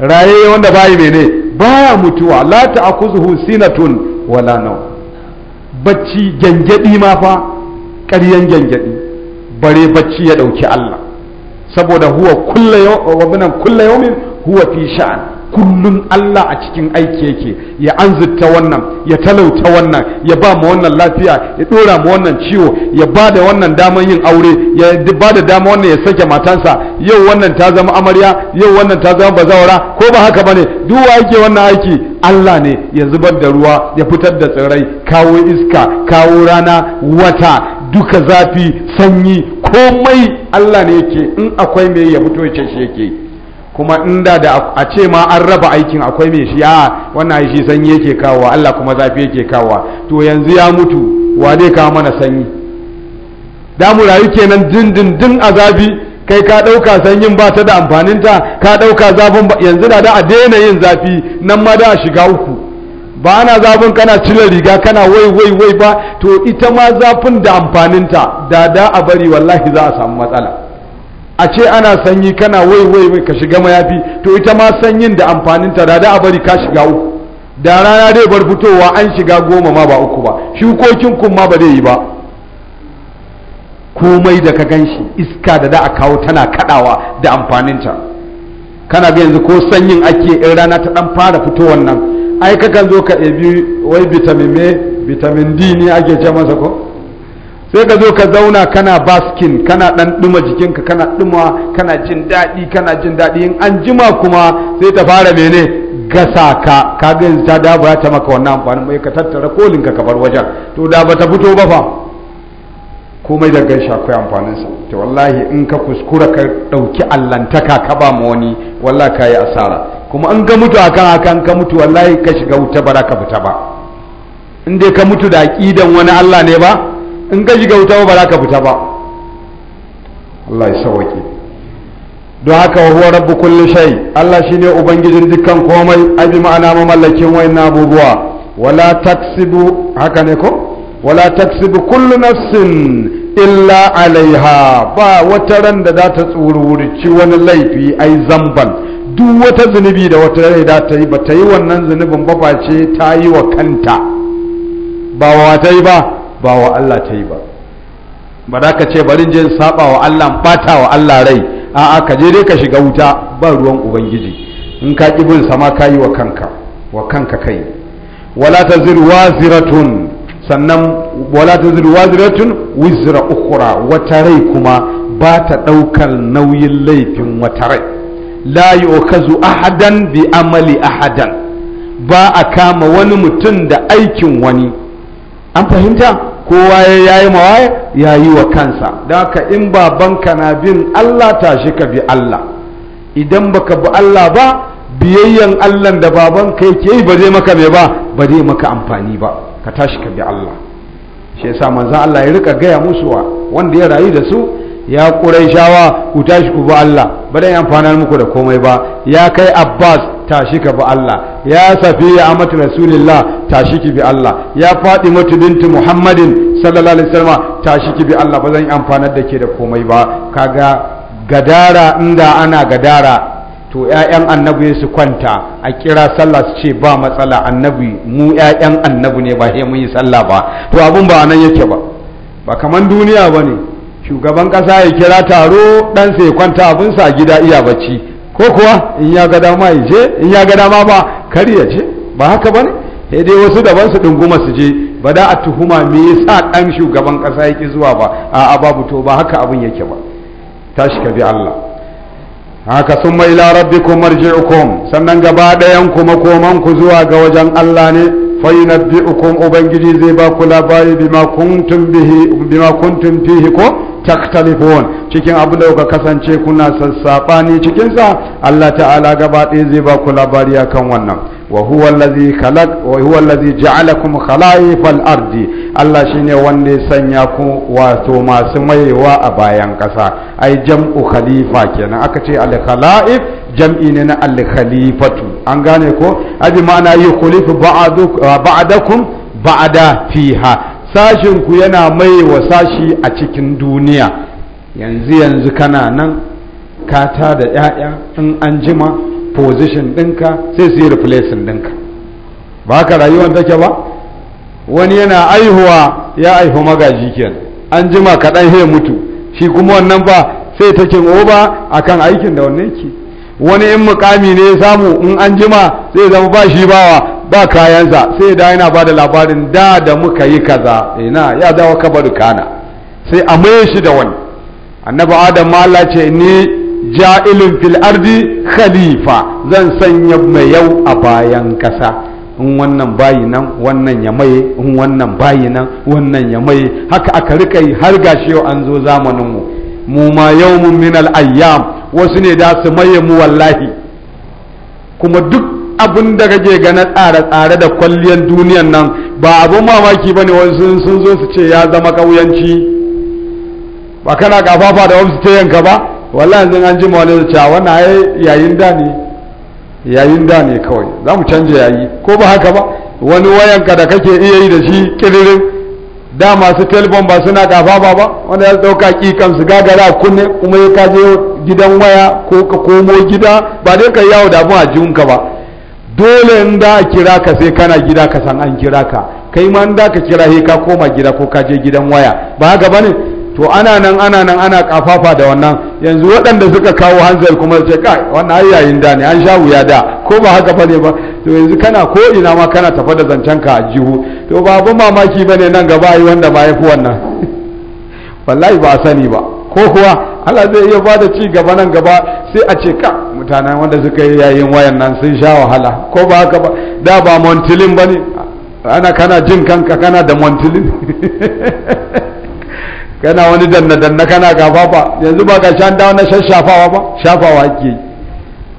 raye wanda bayi mene baya mutuwa la ta'khuzuhu sinatun wala naw bacci gangadi ma fa ƙaryan gangadi bare bacci ya dauki Allah saboda huwa kullayo min huwa fi sha'an Kullum Allah a cikin aiki yake ya anzurta wannan ya talauta wannan ya ba mu wannan lafiya ya dora mu wannan ciwo ya ba da wannan daman yin aure ya ba da dama wannan ya sake matansa yau wannan ta zama amarya yau wannan ta zama bazawara ko ba haka bane duk wa yake wannan aiki Allah ne ya zubar da ruwa ya fitar da tsirrai kawo iska kawo rana wata duka zafi sanyi komai Allah ne yake in akwai me ya fito ya ce shi yake yi kuma inda da a ce ma an raba aikin akwai mai shi a wannan shi sanyi yake kawo Allah kuma zafi yake kawo to yanzu ya mutu wa ne kawo mana sanyi da mu rayu kenan dindindin azabi kai ka ɗauka sanyin ba ta da amfaninta ka ɗauka zafin yanzu da da a daina yin zafi nan ma da shiga uku ba ana zafin kana cire riga kana wai wai wai ba to ita ma zafin da amfaninta da da a bari wallahi za a samu matsala a ce ana sanyi kana wai wai ka shiga mayafi to ita ma sanyin da amfanin ta da a bari ka shiga uku da rana dai bar fitowa an shiga goma ma ba uku ba shukokin kun ma ba zai yi ba komai da ka ganshi iska da da a kawo tana kadawa da amfanin ta kana ga yanzu ko sanyin ake in rana ta dan fara fito nan ai kakan zo ka ɗebi wai vitamin me vitamin D ne ake ce masa ko sai ka zo ka zauna kana baskin kana dan duma jikinka kana duma kana jin daɗi kana jin daɗi in an jima kuma sai ta fara mene gasa ka ka ga ta da ba ta maka wannan amfanin mai ka tattara kolin ka bar wajen to da ba ta fito ba fa komai da gaisha akwai amfanin sa to wallahi in ka kuskura ka dauki allantaka ka ba ma wani wallahi ka yi asara kuma in ka mutu akan akan ka mutu wallahi ka shiga wuta ba za ka fita ba in dai ka mutu da aqidan wani Allah ne ba in ka shiga wuta ba za ka fita ba Allah ya sauke don haka wa huwa rabbu kulli shay Allah shine ubangijin dukkan komai abi ma'ana mamallakin wayannan abubuwa wala taksibu haka ne ko wala taksibu kullu nafsin illa alaiha ba wata ran da za ta wani laifi ai zamban duk wata zunubi da wata rai da ta yi ba ta yi wannan zunubin ba face ta yi wa kanta ba wa ta yi ba ba wa Allah ta yi ba ba za ka ce bari je saba wa Allah bata wa Allah rai a'a ka je dai ka shiga wuta ba ruwan ubangiji in ka ki bin sama ka yi wa kanka wa kanka kai wala taziru waziratun sannan wala waziratun wizra ukhra wata rai kuma ba ta daukar nauyin laifin wata rai la yu'khazu ahadan bi amali ahadan ba a kama wani mutum da aikin wani an fahimta kowa ya yi mawaye ya yi wa kansa don haka in babanka na bin Allah tashi ka bi Allah idan baka bi Allah ba biyayyan Allah da babanka yake yi ba zai maka mai ba ba zai maka amfani ba ka tashi ka bi Allah shi yasa manzon Allah ya rika gaya musu wa wanda ya rayu da su ya shawa ku tashi ku bi Allah ba dan amfanar muku da komai ba ya kai Abbas tashi ka bi Allah ya ya amatu rasulillah tashi ki bi Allah ya fadi mutu bintu muhammadin sallallahu alaihi wasallam tashi ki bi Allah ba zan yi amfanar da ke da komai ba kaga gadara inda ana gadara to ƴaƴan annabi su kwanta a kira sallah su ce ba matsala annabi mu ƴaƴan annabi ne ba mun yi sallah ba to abun ba nan yake ba ba kaman duniya bane shugaban kasa ya kira taro ɗansa ya kwanta abinsa a gida iya bacci ko kuwa in ya ga dama ya je in ya ga dama ba kar ya je ba haka bane sai dai wasu daban su dunguma su je ba da a tuhuma me yasa dan shugaban kasa yake zuwa ba a'a babu to ba haka abun yake ba tashi ka bi Allah haka sun mai ila rabbikum marji'ukum sannan gaba ɗayan kuma koman ku zuwa ga wajen Allah ne yunabbi'ukum ubangiji zai ba ku labari bima kuntum bihi bima kuntum fihi ko taktalifon cikin abin da kuka kasance kuna sassabani cikin sa Allah ta'ala gaba ɗaya zai ba ku labari akan wannan wa huwa allazi khalaq wa huwa allazi ja'alakum khalaifal ardi Allah shine wanda ya sanya ku wato masu maiwa a bayan kasa ai jam'u khalifa kenan aka ce al khalaif jam'i ne na al khalifatu an gane ko abi ma'ana yukhlifu ba'dakum ba'da fiha sashinku yana mai wa sashi a cikin duniya yanzu yanzu kana nan kata da 'ya'ya in an jima position ɗinka sai su yi replacing ɗinka ba ka rayuwar take ba wani yana aihuwa ya aihu magaji kenan an jima kaɗan he mutu shi kuma wannan ba sai takin oba akan aikin da wannan ke wani in mukami ne ya samu in an jima zai zama ba shi bawa ba kayansa sai da yana ba da labarin da da muka yi kaza ina ya dawo kabaru kana sai a maye shi da wani annabi adam ma Allah ce ni ja'ilun fil ardi khalifa zan sanya mai yau a bayan kasa in wannan bayi nan wannan ya maye in wannan bayi nan wannan ya maye haka aka rika yi har gashi yau an zo zamanin mu mu ma yawmun min al ayyam wasu ne da su maye mu wallahi kuma duk abin da kake gane tsare-tsare da kwalliyar duniyan nan ba abin mamaki ba ne wani sun zo su ce ya zama ƙauyanci ba kana kafafa da wasu ce yanka ba wallahi yanzu an ji wani zuciya wannan yayin da ne yayin da ne kawai za mu canja yayi ko ba haka ba wani wayanka da kake iya yi da shi kiririn da masu telefon ba suna kafafa ba wanda ya ɗauka kikan su gagara kunne kuma ya kaje gidan waya ko ka komo gida ba dai ka yawo da abin a jiunka ba dole in da a kira ka sai kana gida ka san an kira ka kai ma in da ka kira he ka koma gida ko ka je gidan waya ba haka bane to ana nan ana nan ana kafafa da wannan yanzu waɗanda suka kawo hanzar kuma ce kai wannan ai yayin da ne an sha wuya da ko ba haka bane ba to yanzu kana ko ina ma kana tafa da zancen ka a jihu to ba abun mamaki bane nan gaba ai wanda ba yafi wannan wallahi ba sani ba ko kuwa Allah zai iya bada ci gaba nan gaba sai a ce ka mutanen wanda suka yi yayin wayan nan sun sha wahala ko ba haka ba da ba montilin ba ne ana kana jin kanka kana da montilin kana wani danna-danna kana ba yanzu ba ka shan dawo na shashafawa ba shafawa ake yi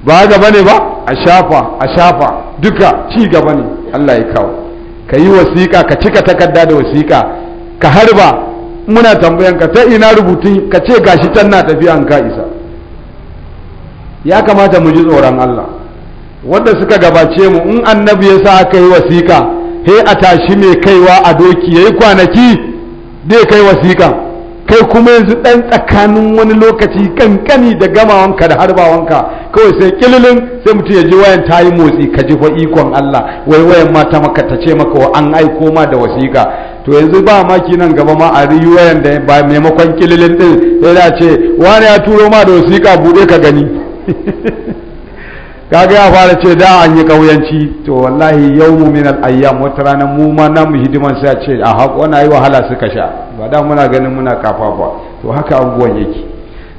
ba ba ne ba a shafa a shafa duka ci gaba ne Allah ya kawo ka yi wasiƙa ka cika takarda da wasiƙa ka harba muna tambayan ka ta ina rubutun ka ce gashi can na tafiya an ka isa ya kamata mu ji tsoron Allah wanda suka gabace mu in annabi ya sa aka yi wasiƙa he a tashi mai kaiwa a doki ya yi kwanaki zai kai wasiƙa kai kuma yanzu ɗan tsakanin wani lokaci kankani da gamawanka da harbawanka kawai sai kililin sai mutum ya ji wayan ta yi motsi ka ji fa ikon Allah wai wayan ma ta maka ta ce maka wa an aiko ma da wasiƙa to yanzu ba maki nan gaba ma a wayan da ba maimakon kililin ɗin sai da ce wani ya turo ma da wasiƙa buɗe ka gani kaga ya fara ce da an yi kauyanci to wallahi yau mu min al'ayyam wata rana mu ma na mu hidiman sai ce a haƙo na yi wahala suka sha ba da muna ganin muna kafa kafafa to haka abubuwan yake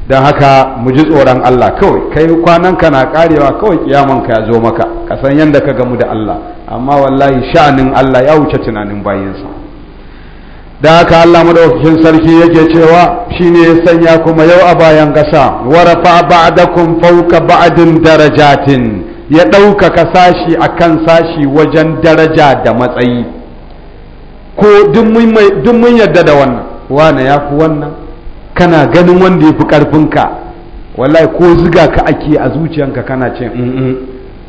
don haka mu ji tsoron Allah kawai kai kwanan ka na karewa kawai kiyamanka ya zo maka ka san yadda ka gamu da Allah amma wallahi sha'anin Allah ya wuce tunanin bayinsa da haka Allah madaukakin sarki yake cewa shine ya sanya kuma yau a bayan ƙasa rafa ba'dakum fawqa ba'din darajatin ya ɗaukaka sashi akan sashi wajen daraja da matsayi ko duk mun yarda da wannan wane ya fi wannan kana ganin wanda ya fi ƙarfinka wallahi ko ziga ka ake a zuciyanka kana ce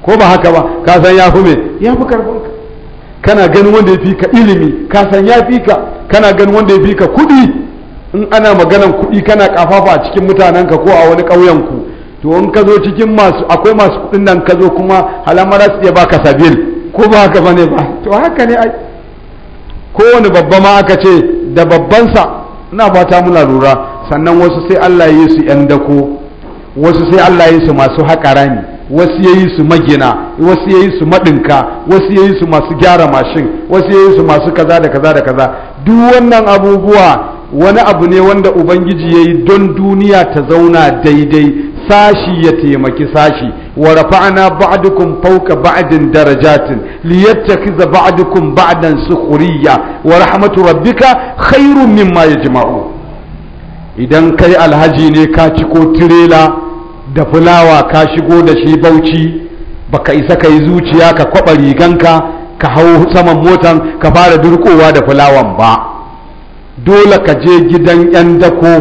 ko ba haka ba ka san ya fi me ya fi ƙarfinka kana ganin wanda ya fi ka ilimi ka san ya fi ka kana ganin wanda ya fi ka kuɗi in ana maganan kuɗi kana kafafa a cikin mutanenka ko a wani ƙauyenku to in ka zo cikin masu akwai masu kuɗin nan ka zo kuma halamara su iya baka sabil ko ba haka bane ba to haka ne ai kowane babba ma aka ce da babbansa ina fata muna lura sannan wasu sai Allah ya yi su yan dako wasu sai Allah ya yi su masu haƙa wasu ya yi su magina wasu ya yi su maɗinka wasu ya yi su masu gyara mashin wasu ya yi su masu kaza da kaza da kaza duk wannan abubuwa wani abu ne wanda ubangiji ya yi don duniya ta zauna daidai sashi ya taimaki sashi wa rafa'na ba'dukum fawqa ba'din darajatin liyattakiza ba'dukum ba'dan sukhriya wa rahmatu rabbika khairun mimma yajma'u idan kai alhaji ne ka ci ko tirela da fulawa ka shigo da shi bauchi baka isa kai zuciya ka kwaba riganka ka hau saman motan ka fara durkowa da fulawan ba dole ka je gidan 'yan dako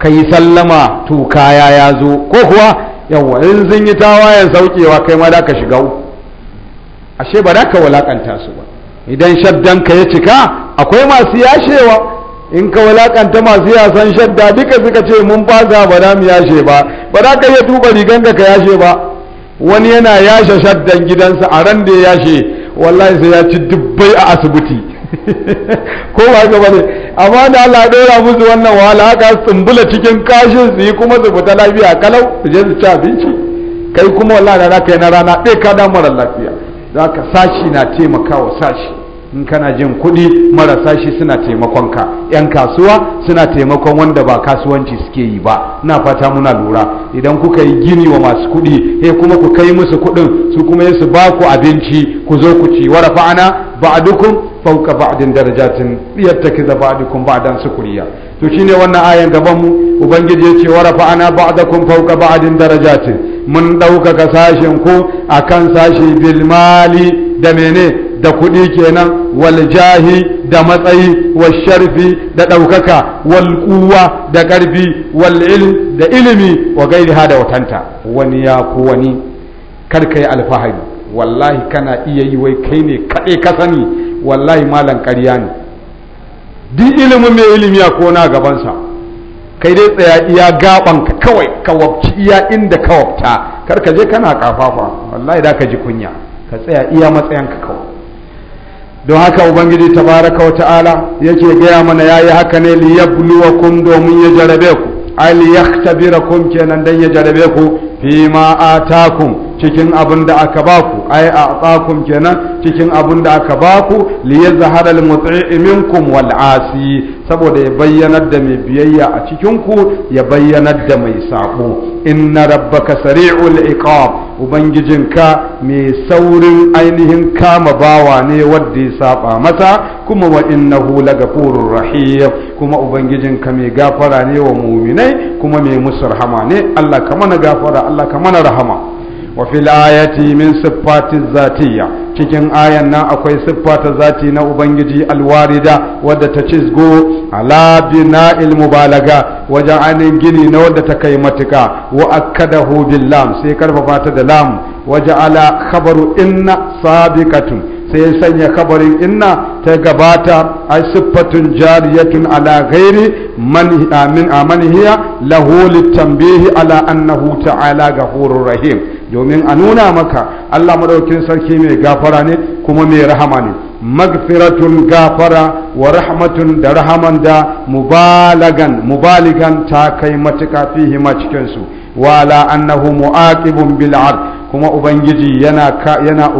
ka yi sallama to kaya ya zo ko kuwa yawa in sun yi tawayen saukewa kai ma da ka shiga ashe ba ka walakanta su ba idan shaddan ka ya cika akwai masu yashewa in ka walakanta masu yasan shadda duka suka ce mun fasa ba da mu yashe ba ba da ka iya tuba rigan da ka yashe ba wani yana yashe shaddan gidansa a ran da ya yashe wallahi sai ya ci dubbai a asibiti ko ba ba ne? amma da Allah ya dora musu wannan wahala haka tsumbula cikin kashin su yi kuma su fita lafiya kalau su je su ci abinci kai kuma wallahi da ka yi na rana ɗaya ka damar lafiya ka sashi na taimakawa sashi in kana jin kuɗi marasa shi suna taimakon ka 'yan kasuwa suna taimakon wanda ba kasuwanci suke yi ba na fata muna lura idan kuka yi gini wa masu kuɗi he kuma ku kai musu kuɗin su kuma su ba ku abinci ku zo ku ci wara fa'ana dukun fawqa ba'din darajatin yattakiza ba'dukum ba'dan sukuriya to shi ne wannan ayan gaban mu ubangiji ya ce wara fa'ana ba'dakum fawqa ba'din darajatin mun ɗaukaka sashen ku akan sashe bilmali da mene da kuɗi kenan wal jahi da matsayi wal sharfi da ɗaukaka wal kuwa da ƙarfi wal ilm da ilimi wa ha da watanta wani ya ku wani kar yi alfahari wallahi kana iya yi wai kai ne kaɗai ka sani wallahi malam ƙarya ne duk ilimin mai ilimi ya kona gabansa kai dai tsaya iya gaban ka kawai ka wabci iya inda ka wabta kar ka je kana kafafa wallahi da ka ji kunya ka tsaya iya matsayin ka kawai don haka ubangiji tabaraka wa ta'ala yake gaya mana yayi haka ne liyabluwakum domin ya jarabe ku ai liyaktabirakum kenan dan ya jarabe ku fi ma atakum cikin abin da aka ba ku. ai a tsakum kenan cikin abin da aka ku li yazhara al mut'i minkum wal asi saboda ya bayyanar da mai biyayya a cikin ku ya bayyanar da mai sako inna rabbaka sari'ul iqab ubangijinka mai saurin ainihin kama bawa ne wanda ya saba mata kuma wa innahu lagafurur rahim kuma ubangijinka mai gafara ne wa mu'minai kuma mai musu rahama ne Allah ka mana gafara Allah ka mana rahama wa fil ayati min siffati zatiya cikin ayan nan akwai siffata zati na ubangiji alwarida wadda ta cizgo ala bina'il mubalaga wajen ainihin gini na wadda ta kai matuka wa akkadahu lam sai karfafa ta da lam waje ala khabaru inna sabiqatun sai sanya kabarin inna ta gabata ai siffatun jariyatun ala ghairi man amin aman hiya lahu litanbihi ala annahu ta'ala ghafurur rahim domin a nuna maka Allah madaukin sarki mai gafara ne kuma mai rahama ne magfiratun gafara wa rahmatun da rahaman da mubalagan mubaligan ta kai matuka fihi ma cikin su wala annahu muaqibun bil kuma ubangiji yana yana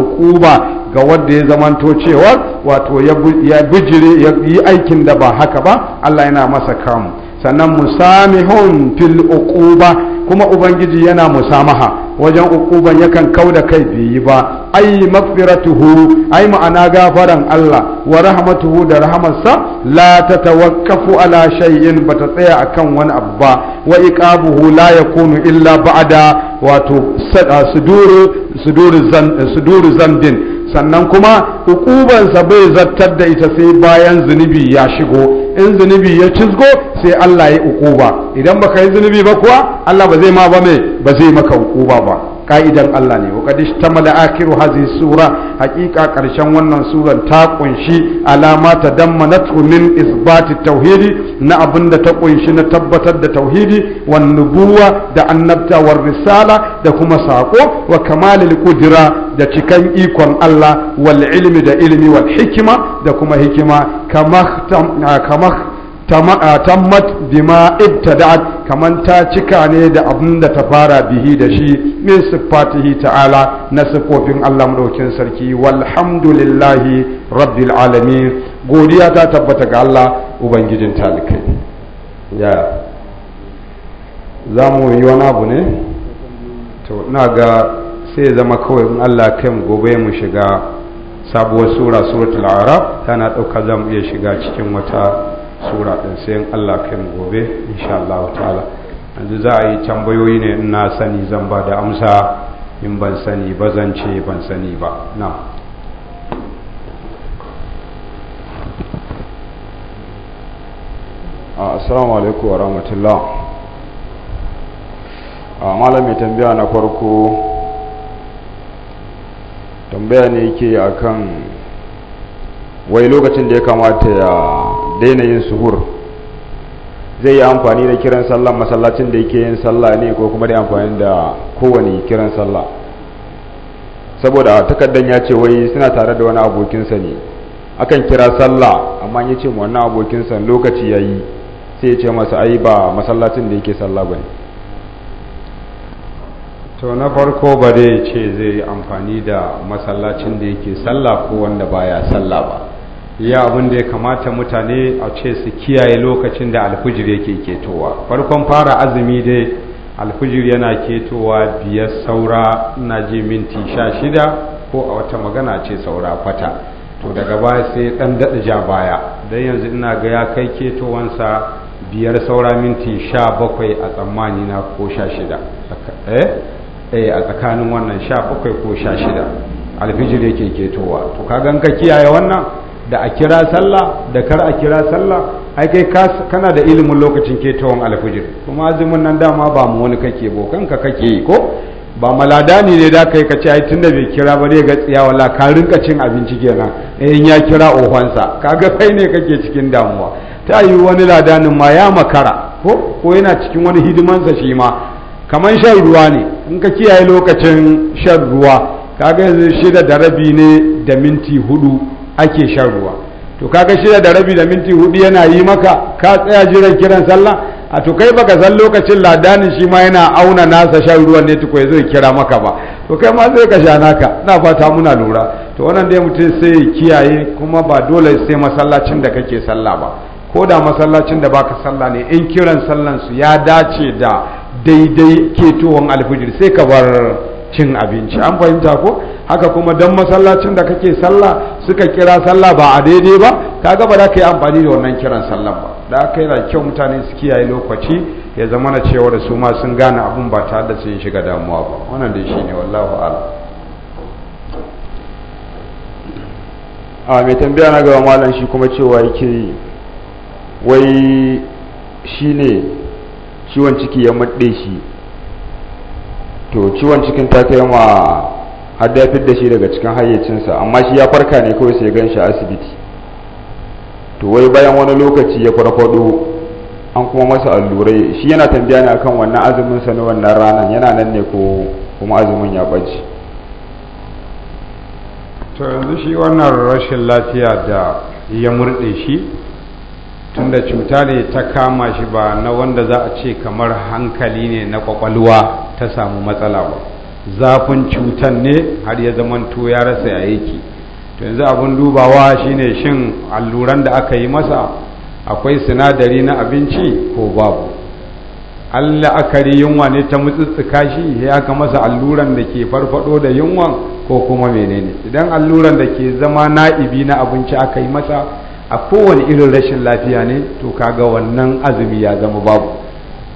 ga wanda ya zamanto cewa wato ya bijire ya yi aikin da ba haka ba Allah yana masa kamu sannan musamihun fil ukuba kuma ubangiji yana musamaha wajen ukuban yakan kau da kai bai ba ai magfiratuhu ai ma'ana gafaran Allah wa rahmatuhu da rahamarsa la tatawakkafu ala shay'in bata tsaya akan wani abu ba wa iqabuhu la yakunu illa ba'da wato suduru suduru zan suduru zambin sannan kuma hukubansa bai zartar da ita sai bayan zunubi ya shigo in zunubi ya cizgo sai Allah ya hukuba idan baka yi zunubi ba kuwa Allah ba zai ma ba mai ba zai maka hukuba ba ka'idan Allah ne wa ta ishtamala akhiru hadhihi sura haƙiƙa karshen wannan suran ta kunshi alama ta dammanatu min isbati tauhidi na abinda ta kunshi na tabbatar da tauhidi wan nubuwa da annabta war risala da kuma sako wa kamalil qudra da cikan ikon Allah wal ilmi da ilmi wal hikima da kuma hikima kama tammat bima ibtada'at kaman ta cika ne da abin da ta fara bihi da shi min siffatihi ta'ala na sifofin Allah madaukin sarki walhamdulillahi rabbil alamin godiya ta tabbata ga Allah ubangijin talikai ya za mu yi wani abu ne to ina ga sai zama kawai in Allah kai mu gobe mu shiga sabuwar sura suratul arab tana ɗauka zamu iya shiga cikin wata sura ɗin sai Allah kai mu gobe insha Allah ta'ala yanzu za a yi tambayoyi ne in na sani zan ba da amsa in ban sani ba zan ce ban sani ba na ah, assalamu alaikum wa rahmatullah ah, malami tambaya na farko tambaya ne yake akan wai lokacin da ya kamata ya daina yin suhur zai yi amfani da kiran sallah masallacin da yake yin sallah ne ko kuma da amfani da kowane kiran sallah saboda takardan ya ce wai suna tare da wani abokinsa ne akan kira sallah amma ya ce wannan abokinsa lokaci ya yi sai ya ce masa ai ba masallacin da yake sallah ba ne to na farko ba dai ce zai yi amfani da masallacin da yake sallah ko wanda baya sallah ba ya abin da ya kamata mutane a ce su kiyaye lokacin da alfijir yake ketowa farkon fara azumi dai alfijir yana ketowa biyar saura na ji minti sha shida ko a wata magana ce saura fata to daga baya sai dan daɗa ja baya don yanzu ina ga ya kai ketowansa biyar saura minti sha bakwai a tsammani na ko sha shida eh? Eh, a tsakanin wannan sha bakwai ko sha shida alfijir yake ketowa to ka gan ka kiyaye wannan da a kira sallah da kar a kira sallah ai kai kana da ilimin lokacin ketawan alfajir kuma azumin nan dama ba mu wani kake bo kanka kake ko ba maladani ne da kai ka ai tunda bai kira ba ne ga tsiya wala ka rinka cin abinci kenan eh, in ya kira ohansa kaga kai ne kake cikin damuwa ta yi wani ladanin ma ya makara ko ko yana cikin wani hidimansa shi ma kaman shan ruwa ne in ka kiyaye lokacin shan ruwa kaga yanzu shida da rabi ne da minti hudu ake shan ruwa to kaga shida da rabi da minti hudu yana yi maka ka tsaya jiran kiran sallah a to kai baka san lokacin ladanin shi ma yana auna nasa shan ruwan ne tukwai zai kira maka ba to kai ma zai ka sha naka na fata muna lura to wannan dai mutum sai kiyaye kuma ba dole sai masallacin da kake sallah ba ko da masallacin da baka sallah ne in kiran sallan su ya dace da daidai tuwon alfijir sai ka bar cin abinci an fahimta ko haka kuma dan masallacin da kake sallah suka kira sallah ba a daidai ba kaga ba za ka yi amfani da wannan kiran sallah ba da aka da kyau mutane su kiyaye lokaci ya zama na cewa da su ma sun gane abun ba tare da sun shiga damuwa ba wannan dai shi ne wallahu a'lam a mai tambaya na gaba malam shi kuma cewa yake yi wai shi ne ciwon ciki ya maɗe shi to ciwon cikin ta kai ma har da ya fidda shi daga cikin hayyacinsa amma shi ya farka ne kawai sai gan shi asibiti to wai bayan wani lokaci ya farfado an kuma masa allurai shi yana tambaya ne akan wannan azumin sa na wannan ranar yana nan ne ko kuma azumin ya baci to yanzu shi wannan rashin lafiya da ya murɗe shi tunda cuta ne ta kama shi ba na wanda za a ce kamar hankali ne na kwakwalwa ta samu matsala ba zafin cutan ne har ya zamanto ya rasa ya yake to yanzu abin dubawa shine shin alluran da aka yi masa akwai sinadari na abinci ko babu allah akari yunwa ne ta mutsutsuka shi ya ka masa alluran da ke farfado da yunwa ko kuma menene idan alluran da ke zama na'ibi na abinci aka yi masa a kowane irin rashin lafiya ne to kaga wannan azumi ya zama babu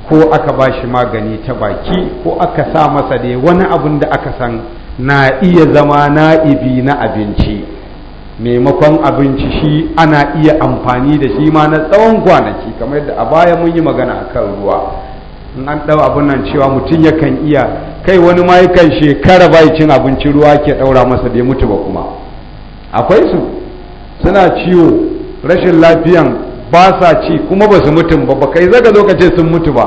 ko aka ba shi magani ta baki ko aka sa masa ne wani abin da aka san na iya zama na'ibi na abinci maimakon abinci shi ana iya amfani da shi ma na tsawon kwanaki kamar yadda a baya mun yi magana a kan ruwa in an ɗau abin nan cewa mutum yakan iya kai wani ma yakan shekara bai cin abincin ruwa ke ɗaura masa bai mutu ba kuma akwai su suna ciwo rashin lafiyan ba sa ci kuma ba su mutum ba kai kai zaga lokaci sun mutu ba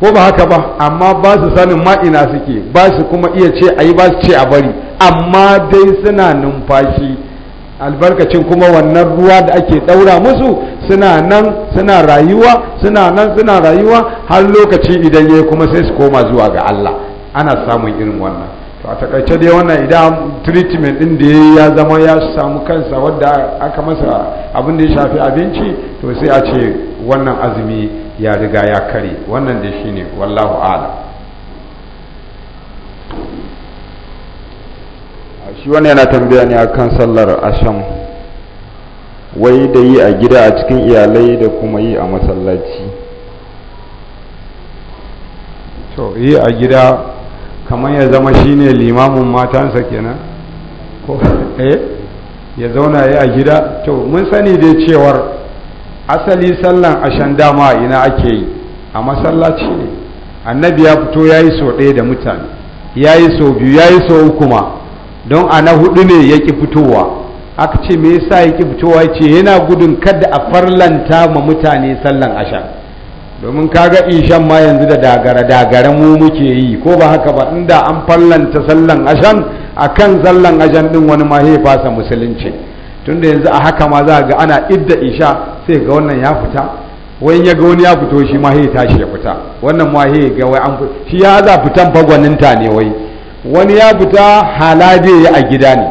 ko ba haka ba amma ba su sanin ma'ina suke ba su kuma iya ce a yi ba su ce a bari amma dai suna numfashi albarkacin kuma wannan ruwa da ake ɗaura musu suna nan suna rayuwa suna nan suna rayuwa har lokaci idan ya kuma sai su koma zuwa ga Allah ana samun irin wannan a takaice dai wannan idan treatment din da ya zama ya samu kansa wadda aka masa abin da ya shafi abinci to sai a ce wannan azumi ya riga ya kare wannan da shine wallahu ala. shi wani yana tambaya ne akan sallar asham wai da yi a gida a cikin iyalai da kuma yi a masallaci to yi a gida kamar ya zama shine limamin matansa kenan ko eh ya zauna ya a gida to mun sani dai cewar asali sallan ashan dama ina ake yi a masallaci ne annabi ya fito ya yi sau ɗaya da mutane ya yi sau biyu ya yi sau uku ma don ana hudu ne ya ƙi fitowa aka ce me yasa ya ƙi fitowa ce yana gudun kada a farlanta ma mutane sallan ashan domin kaga ishan ma yanzu da dagara dagara mu muke yi ko ba haka ba inda an fallanta sallan ashan kan sallan ashan din wani ma ya fasa musulunci tunda yanzu a haka ma za ga ana idda isha sai ga wannan ya fita wani ya ga wani ya fito shi ma ya tashi ya fita wannan ma ya ga wai an shi ya za fitan ta ne wai wani ya fita halade ya a gida ne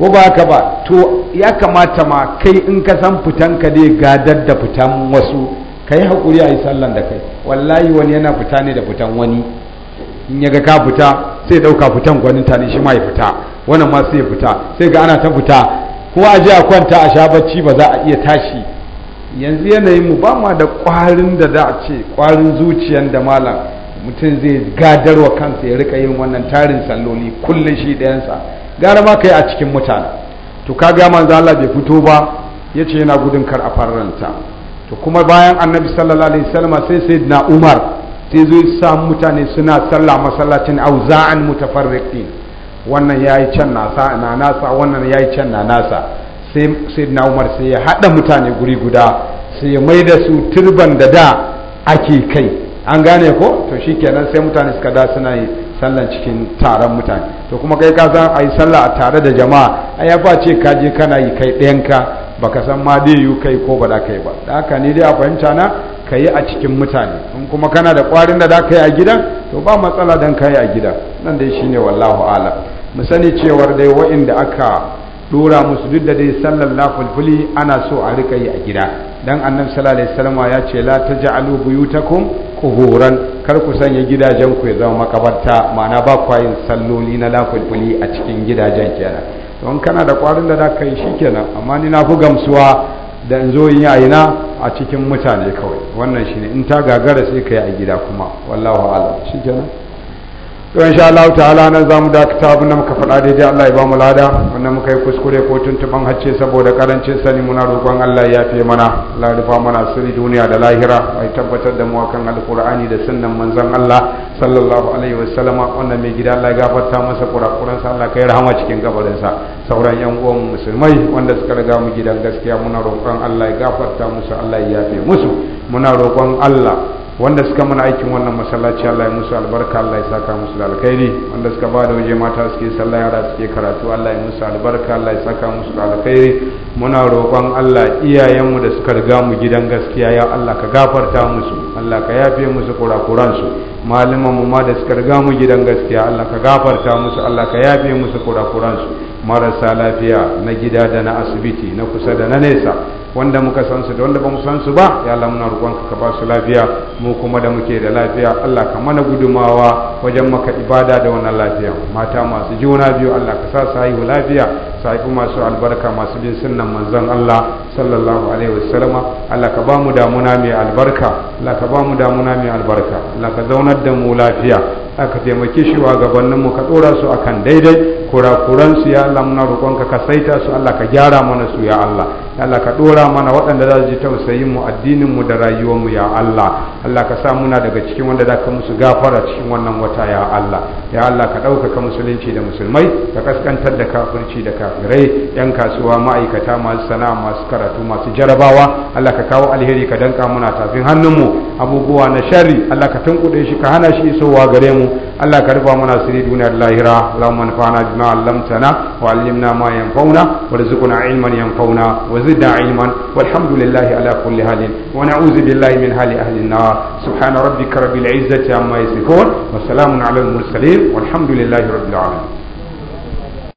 ko ba haka ba to ya kamata ma kai in ka san fitan ka dai gadar da fitan wasu ka yi haƙuri a yi sallan da kai wallahi wani yana fita ne da fitan wani in ya ga ka fita sai ɗauka fitan gwaninta ne shi ma ya fita wannan ma sai ya fita sai ga ana ta fita ko a je a kwanta a sha bacci ba za a iya tashi yanzu yanayin mu ba ma da ƙwarin da za a ce ƙwarin zuciyan da malam mutum zai gadar wa kansa ya rika yin wannan tarin salloli kullum shi ɗayansa gara ma ka yi a cikin mutane to ga manzo Allah bai fito ba yace yana gudun kar a farranta to kuma bayan annabi sallallahu alaihi wasallam sai sayyidina umar sai zo sa mutane suna sallah masallacin auza'an mutafarriqin wannan yayi can nasa na nasa wannan yayi can na nasa sai sayyidina umar sai ya hada mutane guri guda sai ya da su turban da da ake kai an gane ko to shikenan sai mutane suka da suna yi sallan cikin taron mutane to kuma kai ka san ayi sallah a tare da jama'a ai ya ba ce ka je kana yi kai ɗayan ka. ba ka san ma dai yi kai ko ba da kai ba da haka ne dai a fahimta na ka yi a cikin mutane in kuma kana da kwarin da za ka yi a gidan to ba matsala don ka yi a gidan nan dai shine wallahu ala mu sani cewar dai wa'inda aka dora musu duk da dai sallar lafulfuli ana so a rika yi a gida dan annabi sallallahu alaihi wasallam ya ce la taj'alu buyutakum quburan kar ku sanya gidajen ku ya zama makabarta ma'ana ba kwayin salloli na lafulfuli a cikin gidajen kenan don kana da kwarin da zaka yi shikenan amma ni na fi gamsuwa da in zo yi aina a cikin mutane kawai wannan shine in ta gagara sai ka yi a gida kuma wallahu a'lam shikenan to sha Allah ta'ala nan zamu dakata abin da muka faɗa daidai Allah ya ba mu lada wannan muka yi kuskure ko tuntuban hacce saboda karancin sani muna roƙon Allah ya fiye mana Allah ya rufa mana sirri duniya da lahira ai tabbatar da mu akan alqur'ani da sunnan manzon Allah sallallahu alaihi wasallam wannan mai gida Allah ya gafarta masa kurakuran sa Allah kai rahama cikin kabarin sa sauran yan uwan musulmai wanda suka riga mu gidan gaskiya muna roƙon Allah ya gafarta musu Allah ya yafe musu muna roƙon Allah wanda suka mana aikin wannan masallaci Allah ya musu albarka Allah ya saka musu da alkhairi wanda suka ba da waje mata suke sallah yara suke karatu Allah ya musu albarka Allah ya saka musu da alkhairi muna roƙon Allah iyayenmu da suka riga mu gidan gaskiya ya Allah ka gafarta musu Allah ka yafe musu kurakuran su malaman ma da suka riga mu gidan gaskiya Allah ka gafarta musu Allah ka yafe musu kurakuran su marasa lafiya na gida da na asibiti na kusa da na nesa wanda muka san su da wanda ba mu san su ba ya Allah muna roƙonka ka ba su lafiya mu kuma da muke da lafiya Allah ka mana gudumawa wajen maka ibada da wannan lafiya mata masu juna biyu Allah ka sa su haihu lafiya su haifi masu albarka masu bin sunnan manzon Allah sallallahu alaihi wasallama Allah ka ba mu damuna mai albarka Allah ka ba mu damuna mai albarka Allah ka zaunar da mu lafiya aka taimake shi wa mu ka ɗora su akan daidai kurakuran su ya Allah muna roƙonka ka saita su Allah ka gyara mana su ya Allah ya Allah ka ɗora mana waɗanda za su ji tausayin mu addinin mu da rayuwar mu ya Allah Allah ka sa muna daga cikin wanda za ka musu gafara cikin wannan wata ya Allah ya Allah ka ɗaukaka musulunci da musulmai ka kaskantar da kafirci da kafirai yan kasuwa ma'aikata masu sana'a masu karatu masu jarabawa Allah ka kawo alheri ka danka muna tafin hannun mu abubuwa na shari Allah ka tunkuɗe shi ka hana shi isowa gare mu Allah ka rufa mana asiri duniya da lahira Allahumma anfa'na bima 'allamtana wa 'allimna ma yanfa'una warzuqna 'ilman yanfa'una wa zidna 'ilman walhamdulillahi ala kulli halin wa na'udzu min hali ahli an-nar subhana rabbika rabbil 'izzati amma yasifun wa 'alal mursalin walhamdulillahi